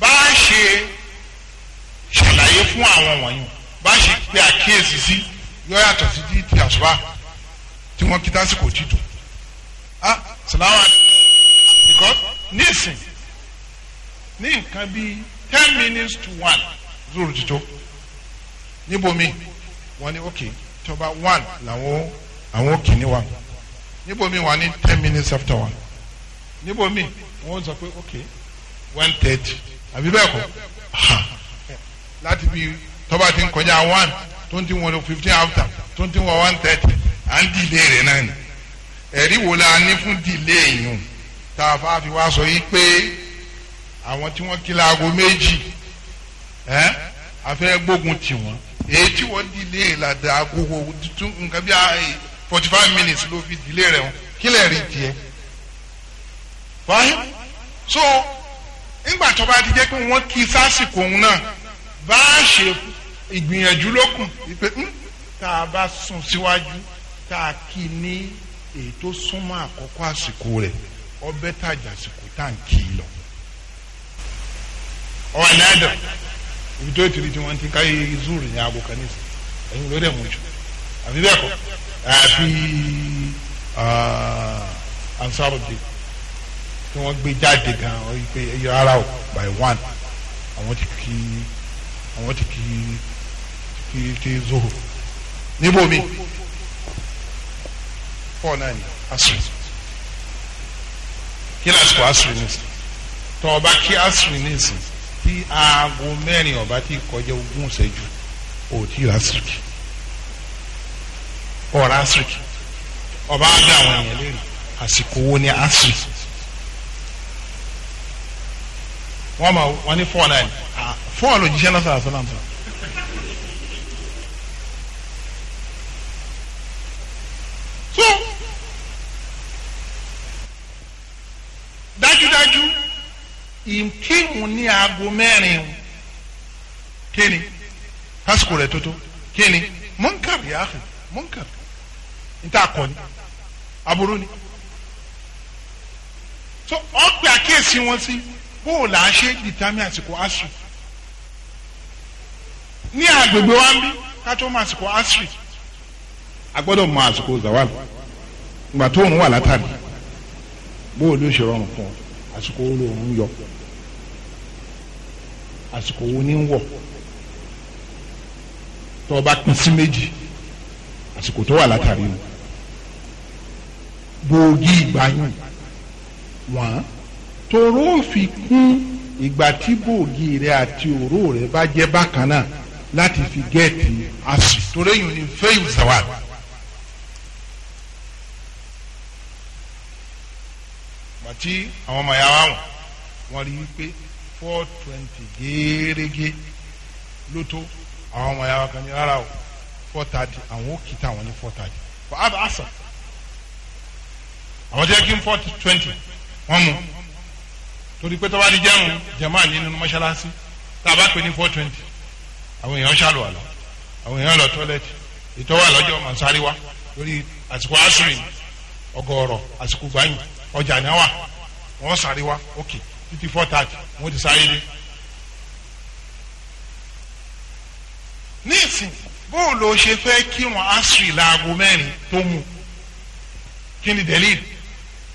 bá a ṣe ṣàlàyé fún àwọn wọ̀nyí bá a ṣe pé àkíyèsí sí yọ sí ti ti àṣùbà tí wọ́n kí tásìkò títù ah salamu alaykum because nísìn ní nǹkan bíi ten minutes to one zoro títọ́ níbo mi wọ́n ní ok tí wọ́n bá one làwọn àwọn kìíní wa níbo mi wà ní ten minutes after one níbo mi wọ́n sọ pé ok one thirty àbí bẹ́ẹ̀ kọ́ láti bí tọ́ba ti ń kọjá one twenty-one ti fifteen after twenty-one one thirty à ń dìlé rẹ̀ náà ni ẹ̀rí wo la ní fún dìlé yìí tá a bá fi wá sọ yìí pé àwọn tí wọ́n kí laago méjì ẹ́ a fẹ́ gbógun tì wọ́n èyí tí wọ́n dìlé la da agogo nǹkan bí i forty five minutes ló fi dìlé rẹ̀ wọn kí lè rí tiẹ̀ wáyé so ńgbà tó bá ti jẹ́ pé wọ́n kí sásìkò òun náà bá a ṣe ìgbìyànjú lókun pé hmm, tá a bá sún síwájú tá a kí ní èyí tó súnmọ́ àkọ́kọ́ àsìkò rẹ̀ ọbẹ̀ tàjà àsìkò tá à ń kì í lọ. ọ̀rọ̀ ẹ̀ náà dọ̀ ibi tó ti rí tí wọ́n ti káyé zúrù ní aago kan nísìnyí ẹ̀yin ló dẹ̀ mú jù àbí bẹ́ẹ̀ kọ́ àfi ansarode tí wọ́n gbé jáde gan ọ yìí pé ẹyọ ara o by one àwọn ti kí àwọn ti kí kí kí zoho níbo mi four nine asiri kí lásìkò asiri nìsín tọ́ ọba kí asiri nìsín tí aago mẹ́rin ọba ti kọjá ogún ìṣẹ́jú o tí ì asiri kì ọ̀rọ̀ asiri ọba á dá àwọn èèyàn léèrè àsìkò wo ni asiri wọ́n ma wọ́n ní fọ́ọ̀lù ẹ̀ fọ́ọ̀lù jíṣẹ́ lọ́sọ̀ àṣọ náà sọ. so dájúdájú ìkírun ní aago mẹ́rin kíni lásìkò rẹ̀ tó tó kíni munkar yaaxi níta kọ ni aburú ni so ọgbẹ àkíyèsí wọn sí bóò là á ṣe dìtámì àsìkò asri ní agbègbè wa ń bí ká tó mọ àsìkò asri a gbọ́dọ̀ mọ zawal ìgbà tó òun wà látàrí bóò ló ṣe rọrùn fún ọ àsìkò wo lòun yọ àsìkò wo ní wọ tó pín sí méjì àsìkò tó wà látàrí ni gbòógì ìgbàyàn wọ́n toro fi kún ìgbà tí gbòógì rẹ àti òró rẹ bá jẹ́ bákan náà láti fi gẹ́ẹ̀tì àsù toréyìn ní fẹ́yìn zawad. bàtí àwọn ọmọ ìyá wa wọ̀n wọ́n rí wípé four twenty gẹ́ẹ́rẹ́gẹ́ ló tó àwọn ọmọ ìyá wa kan ní rárá o four thirty àwọn ó kí táwọn ní four thirty. bàbá àṣà àwọn tó yẹ kí n pọ́ọ̀tì twenty wọ́n mu torí pé tọ́ba di jẹ́mu jẹ̀má ní nínú mọ́ṣáláṣí tá a bá pè ní four twenty àwọn èèyàn ṣàlùwà lọ àwọn èèyàn lọ tọ́lẹ̀tì ìtọ́wà lọ́jọ́ màsáré wa lórí àsìkò asùnrin ọgọ́rọ̀ àsìkò gbàyìn ọjà náà wọ́n sáré wa ókè títí four thirty wọ́n ti sáré dé. ní ìsìn bóòlù ó ṣe fẹ́ kírun asùnrin láago mẹ́rin tó mu kí ni dẹ́líìlì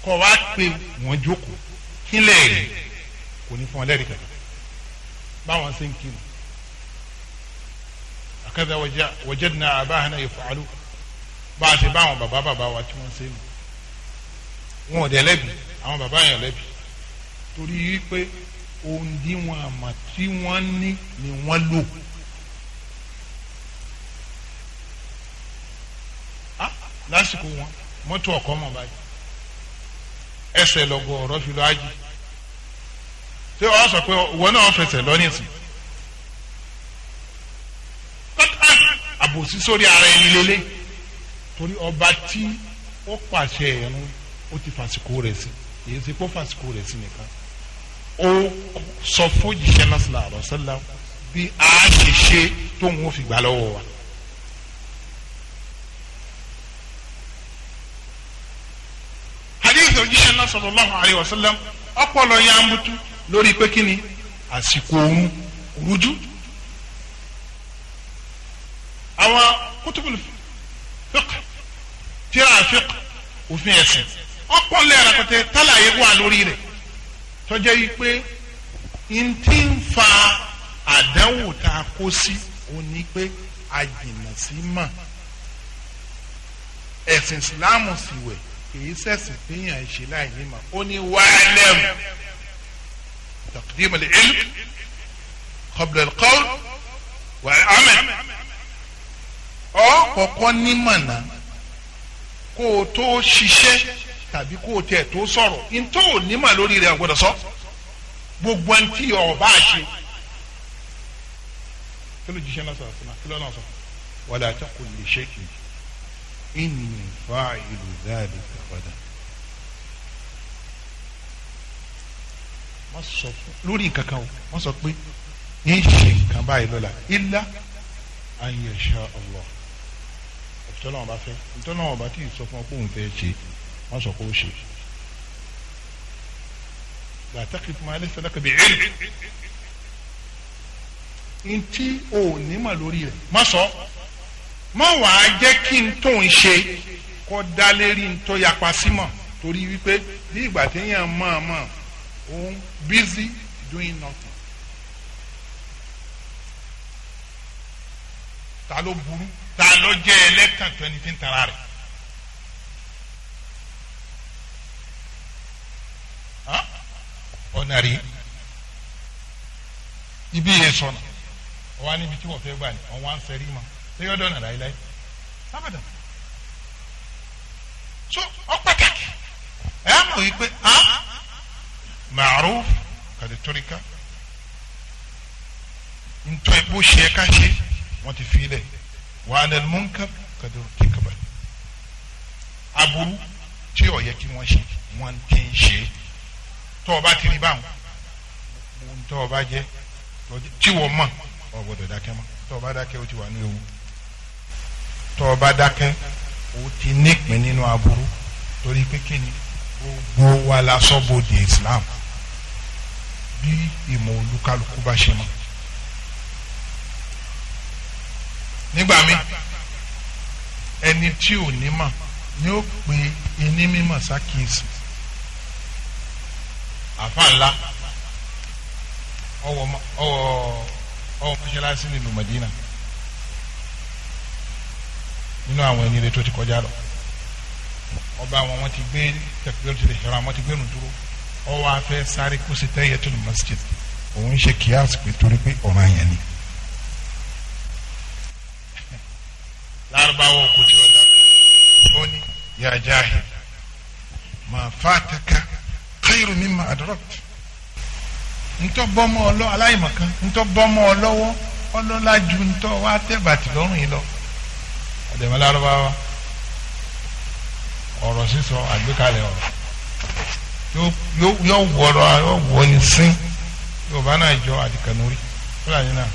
kọ́ wá pé wọ́n jókòó kílẹ̀ rí kò ní fún ọ lẹ́rìí kankan báwọn ṣe ń kírun akadha wajadna abahana yaf'alu bá a ṣe báwọn bàbá bàbá wa tí wọ́n ṣe nù wọn ò dẹ̀ lẹ́bi àwọn bàbá yẹn lẹ́bi torí wípé ohun tí wọn àmà tí wọ́n ní ni wọ́n lò. Ah, lásìkò wọn mọ́tò ọ̀kọ́ mọ̀ báyìí ẹsẹ̀ lọ́gọ́ ọ̀rọ̀ fi lọ ájì ṣé ọ sọ pé ìwọ náà fẹsẹ̀ lọ nísìn àbòsí sórí ara ẹni lélẹ̀ torí ọba tí ó pàṣẹ ẹ̀rún ó ti fàsìkò rẹ̀ sí èyí ti kó fàsìkò rẹ̀ sí nìkan ó sọ fún jìṣẹ́ náà sílẹ̀ àrọ̀sẹ́lá bí a ṣe ṣe tóun ó fi gbà lọ́wọ́ wa. sallallahu alayhi wa sallam ọpọlọ yambutu lórí pé kí ni àsìkò òun rújú. àwọn kutubul fiqh tíra fiqh òfin ẹ̀sìn ọpọlọ yàrá pẹ̀tẹ́ tálàyé wà lórí rẹ̀ tọ́jẹ́ yìí pé n ti ń fa àdánwò tá a kó sí òní pé a jìnnà sí mà ẹ̀sìn ìsìláàmù sì wẹ̀ èyí sẹ́sìn fihàn ìṣe láì ní ma ó ní wàlẹ́m taqdim al-ilm qabla al-qawl wà amen ọ kọ̀kọ́ ní mànà kó o tó ṣiṣẹ́ tàbí kó o tiẹ̀ tó sọ̀rọ̀ ntọ́ ò ní lórí rẹ̀ gbọ́dọ̀ sọ gbogbo ẹni ọba ṣe kí ló jíṣẹ́ náà sọ̀rọ̀ sí ma kí ló náà sọ̀rọ̀ wala taqul li shay'in. إني فاعل ذلك ghadan ما sọ لوري lórí ما kan o wọ́n sọ pé إلا أن يشاء الله lọ́la illa an yasha Allah ọ̀tọ́ náà bá fẹ́ ọ̀tọ́ náà bá tí ì sọ fún ọ pé òun fẹ́ ṣe wọ́n sọ pé ó ṣe. la taqif ma laysa laka ntí o ní mà lórí rẹ̀ má sọ mọ wàá jẹ́ kí n tó ń ṣe kó dá lérí n tó yapa sí mọ̀ torí wípé bí ìgbà téèyàn mọ̀ ọ́ mọ̀ òun busy doing nothing. ta ló burú ta ló jẹ́ ẹlẹ́tàn tó ẹni tí ń tara rẹ̀. ọ̀nà rí ibi yẹn sọ̀nà ọ̀wá níbi tí wọ́n fẹ́ gbà ní ọ̀wá ń sẹ́rí mọ́ tí yóò dọ̀nà láíláí sábàdàn so ọ pàtàkì ẹ á mọ̀ yìí pé a màrú kàdétọ́ríkà ntọ́ ẹ bó ṣe ẹ ká ṣe wọ́n ti fi lẹ̀ wà á lẹ́nu mọ́ńkà kàdétọ́ríkà aburú tí ó yẹ kí wọ́n ṣe wọ́n ti ń ṣe tọ́ ọ bá ti rí báwọn tọ́ ọ bá jẹ́ tí wọ́n mọ̀ ọ gbọ́dọ̀ dákẹ́ mọ́ tọ́ ọ bá dákẹ́ ó ti wà ní ewu tó o bá dákẹ́ o ti nípìn nínú aburú torí pé kí ni gbogbo wa la sọ́bodè Islam bí ìmọ̀ olúkálukú bá ṣe mọ́ nígbà míì ẹni tí ò ní mọ̀ ni ó pe ẹni mímọ̀ sákìyèsí àfa ńlá ọwọ́ ọwọ́ ọwọ́ mọ́ṣáláṣí nílùú Madina nínú àwọn ẹni rẹ tó ti kọjá lọ ọba wọn wọn ti gbé tẹkpẹrẹ ti lè ṣọra wọn ti gbé nu dúró ọwọ afẹ sáré kó sí tẹyẹ tó ní masjid òun ṣe kíyàsí pé torí pé ọ̀ràn yẹn ni. lárúbáwọ̀ kò tí ọ̀dà kan ó ní yà jáhìl mà fàtàkà khairu mimma adrakta ntọ́ bọ́mọ ọlọ́ aláìmọ̀kan ntọ́ bọ́mọ ọlọ́wọ́ ọlọ́lá ju ntọ́ wa tẹ́ bàtì lọ́rùn yìí lọ àdèmọ́ lárúbáwá ọ̀rọ̀ sísọ àgbékalẹ̀ ọ̀rọ̀ yóò wọ̀rọ̀ yóò wọ̀ ní sín yorùbá náà jọ àdìkànnúrí fúlàní náà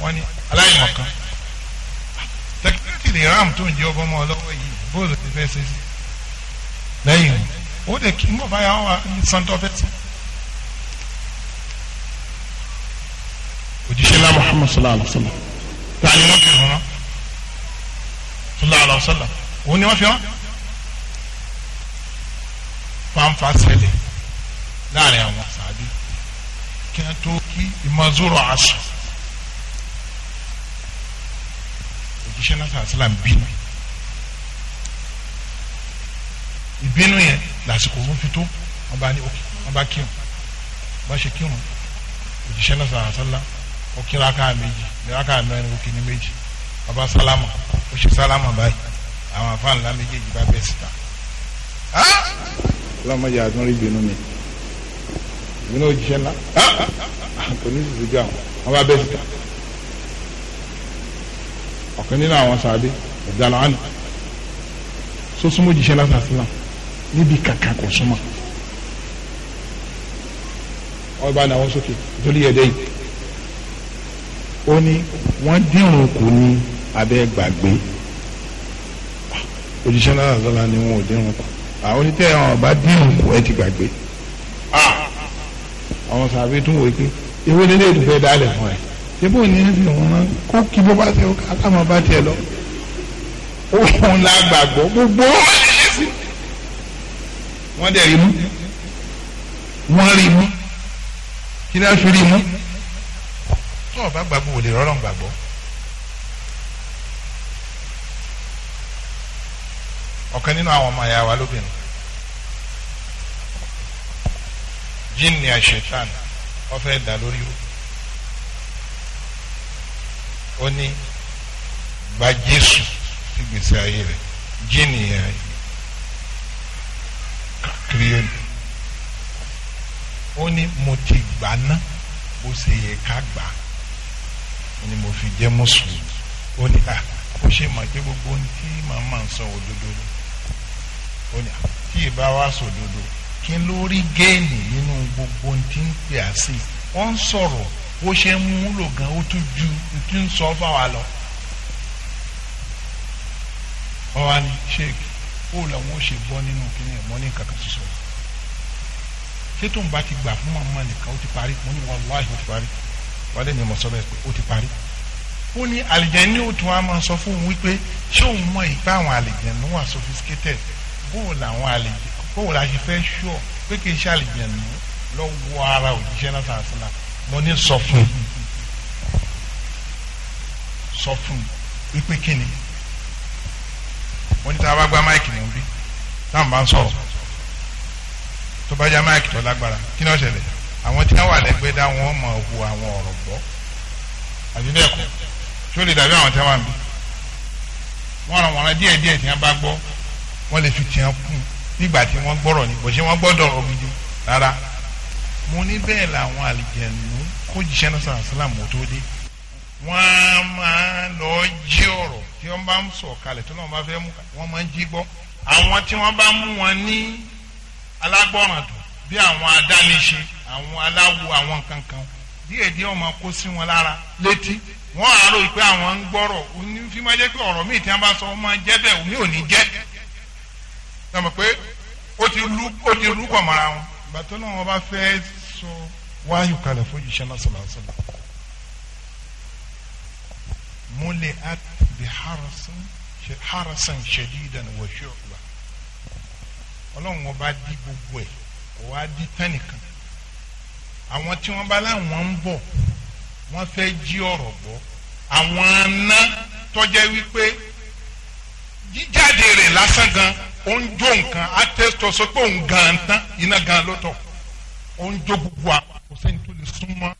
wọ́n ní aláìmọ̀kan security lè ram tó ń jẹ́ ọgbọ́n mọ́ lọ́wọ́ yìí bóòlù ti fẹ́ ṣe sí lẹ́yìn ó lè kí n bọ̀ báyà wà ní santofẹ́sì. òjíṣẹ́ lá Muhammad sallallahu alaihi wa sallam. ta ni wọ́n fi hàn án sallallahu alaihi wasallam òun ni wọ́n fi hàn fanfa ṣẹlẹ̀ láàrin àwọn sàbí kí wọ́n tó kí ìmọ̀zúrò aṣọ òjíṣẹ́ náà sàrà sílám bínú ìbínú yẹn lásìkò òun fi tó wọ́n bá ní òkè wọ́n bá kírun bá ṣe kírun òjíṣẹ́ náà sàrà sílám ó rákà méjì rákà mẹ́rin ó ní méjì baba salama ó ṣe salama báyìí àwọn afáàn ńlá méjèèjì bá bẹ síta. ọlọ́mọdé àtúnrí ìbínú mi ìbínú òjíṣẹ́ ńlá kò ní sísè jù àwọn wọn bá bẹ síta. ọ̀kan nínú àwọn sàbí ọ̀dàlọ́ àná sọ́súnmọ́ òjíṣẹ́ ńlá sàṣìlá níbi kàkà kò súnmọ́ ọba náà wọ́n sókè torí ẹ̀dẹ́ yìí ó ní wọ́n dínrùn kù ní abẹ́ gbàgbé òjíṣẹ́ náà lọ́la ni wọn ò dẹ́rùn kù àwọn onítẹ̀ àwọn ọba dẹ́rùn kù ẹ ti gbàgbé àwọn sàbí tún wò pé ewé nílé ìdúpẹ́ dálẹ̀ fún ẹ ṣébó ni ẹ fi wọn rán kó kí bó bá tẹ ọ káàmọ́ bá tiẹ̀ lọ òun la gbàgbọ́ gbogbo wọn dẹ̀ rí mú wọn rí mú kí ni a fi rí mú tó o bá gbàgbọ́ wò lè rọrùn gbàgbọ́. ọ̀kan nínú àwọn ọmọ ẹ̀yà wa lóbìnrin jíìnì àṣetán wọ́n fẹ́ dà lórí o ó ní gba jésù sí gbèsè ayé rẹ̀ jíìnì yẹn kiri ó ní ó ní mo ti gbà ná bó ṣe yẹ ká gbà ni mo fi jẹ́ mùsùlùmí ó ní à ó ṣe mà pé gbogbo ohun tí màmá ń sọ òdodo ni ó ní tí ì bá wá sòdodo kí n ló rí géènì nínú gbogbo tí ń pè á sí ó ń sọ̀rọ̀ ó ṣe ń múlò gan ó tún ju tí ń sọ fáwa lọ. ọ̀hán ni sheik ó làwọn ó ṣe bọ́ nínú kíní ẹ̀mọ́ ní kankan ṣoṣo ṣé tóun bá ti gbà fún màmá nìkan ó ti parí mo ní wàláhì ó ti parí wálé ni mo sọ bẹ́ẹ̀ pé ó ti parí ó ní àlìjẹ́ ní òtún á máa sọ fún un wípé ṣé òun mọ ìpá àwọn àlìjẹ́ ló wà sophisticated bóò làwọn àlejò bóò la ṣe fẹ́ ṣọ pé kì í ṣàlejò lọ́wọ́ ara òjíṣẹ́ náà sàásìlà mo ní sọ fún un sọ fún un wípé kí ni wọ́n ní tá a bá gba máìkì ní orí táwọn bá ń sọ̀rọ̀ tó bá já máìkì tó lágbára kí ni ó ṣẹlẹ̀ àwọn tí wọ́n wà lẹ́gbẹ̀ẹ́ dá wọn mọ̀ hu àwọn ọ̀rọ̀ gbọ́ àbí bẹ́ẹ̀ kọ́ tí ó lè dàbí àwọn tí wọ́n wà ń bí wọ́n ràn wọ́n rán díẹ̀ díẹ̀ tí wọ́n bá gbọ́ wọ́n lè fi tiẹ̀ kún nígbà tí wọ́n gbọ́rọ̀ ni bó ṣe wọ́n gbọ́dọ̀ ọ̀rọ̀ gidi rárá. mo ní bẹ́ẹ̀ làwọn àlìjẹ̀nu kó jíṣẹ́ náà sàn sílá mọ́ tó dé wọ́n á máa lọ jí ọ̀rọ̀ tí wọ́n bá ń sọ̀ kalẹ̀ tí wọ́n bá fẹ́ mú wọ́n máa ń jí gbọ́ àwọn tí wọ́n bá mú wọn ní alágbọ̀ràn dùn bí àwọn adániṣe àwọn aláwo àwọn kankan díẹ̀ díẹ̀ wọ́n máa kó sí wọn lára létí wọ́n àárò pé àwọn ń gbọ́rọ̀ onífímájẹ́ pé ọ̀rọ̀ míì tí wọ́n bá sọ wọ́n máa jẹ́ bẹ́ẹ̀ omi ò ní jẹ́ sọmọ pé ó ti rú ó ti rú pọ̀ mọ́ra wọn ìgbà tó lọ́wọ́ bá fẹ́ sọ wáyù kalẹ̀ fún yìí lásìlásìlá múlẹ̀ at bi harasan ṣẹ̀dídàn wọ̀ ṣọ́ọ̀bà ọlọ́run wọn bá di gbogbo ẹ̀ kò wá di tánìkan àwọn tí wọ́n bá láwọn ń bọ̀ wọ́n fẹ́ jí ọ̀rọ̀ bọ́ àwọn aná tọ́jẹ́ wípé jíjáde rẹ̀ lásán gan ó ń jó nǹkan á tẹ́tọ̀ sọ pé òun gan tán iná gan lọ́tọ̀ ó ń jó gbogbo àwọn kò sẹ́ni tó lè súnmọ́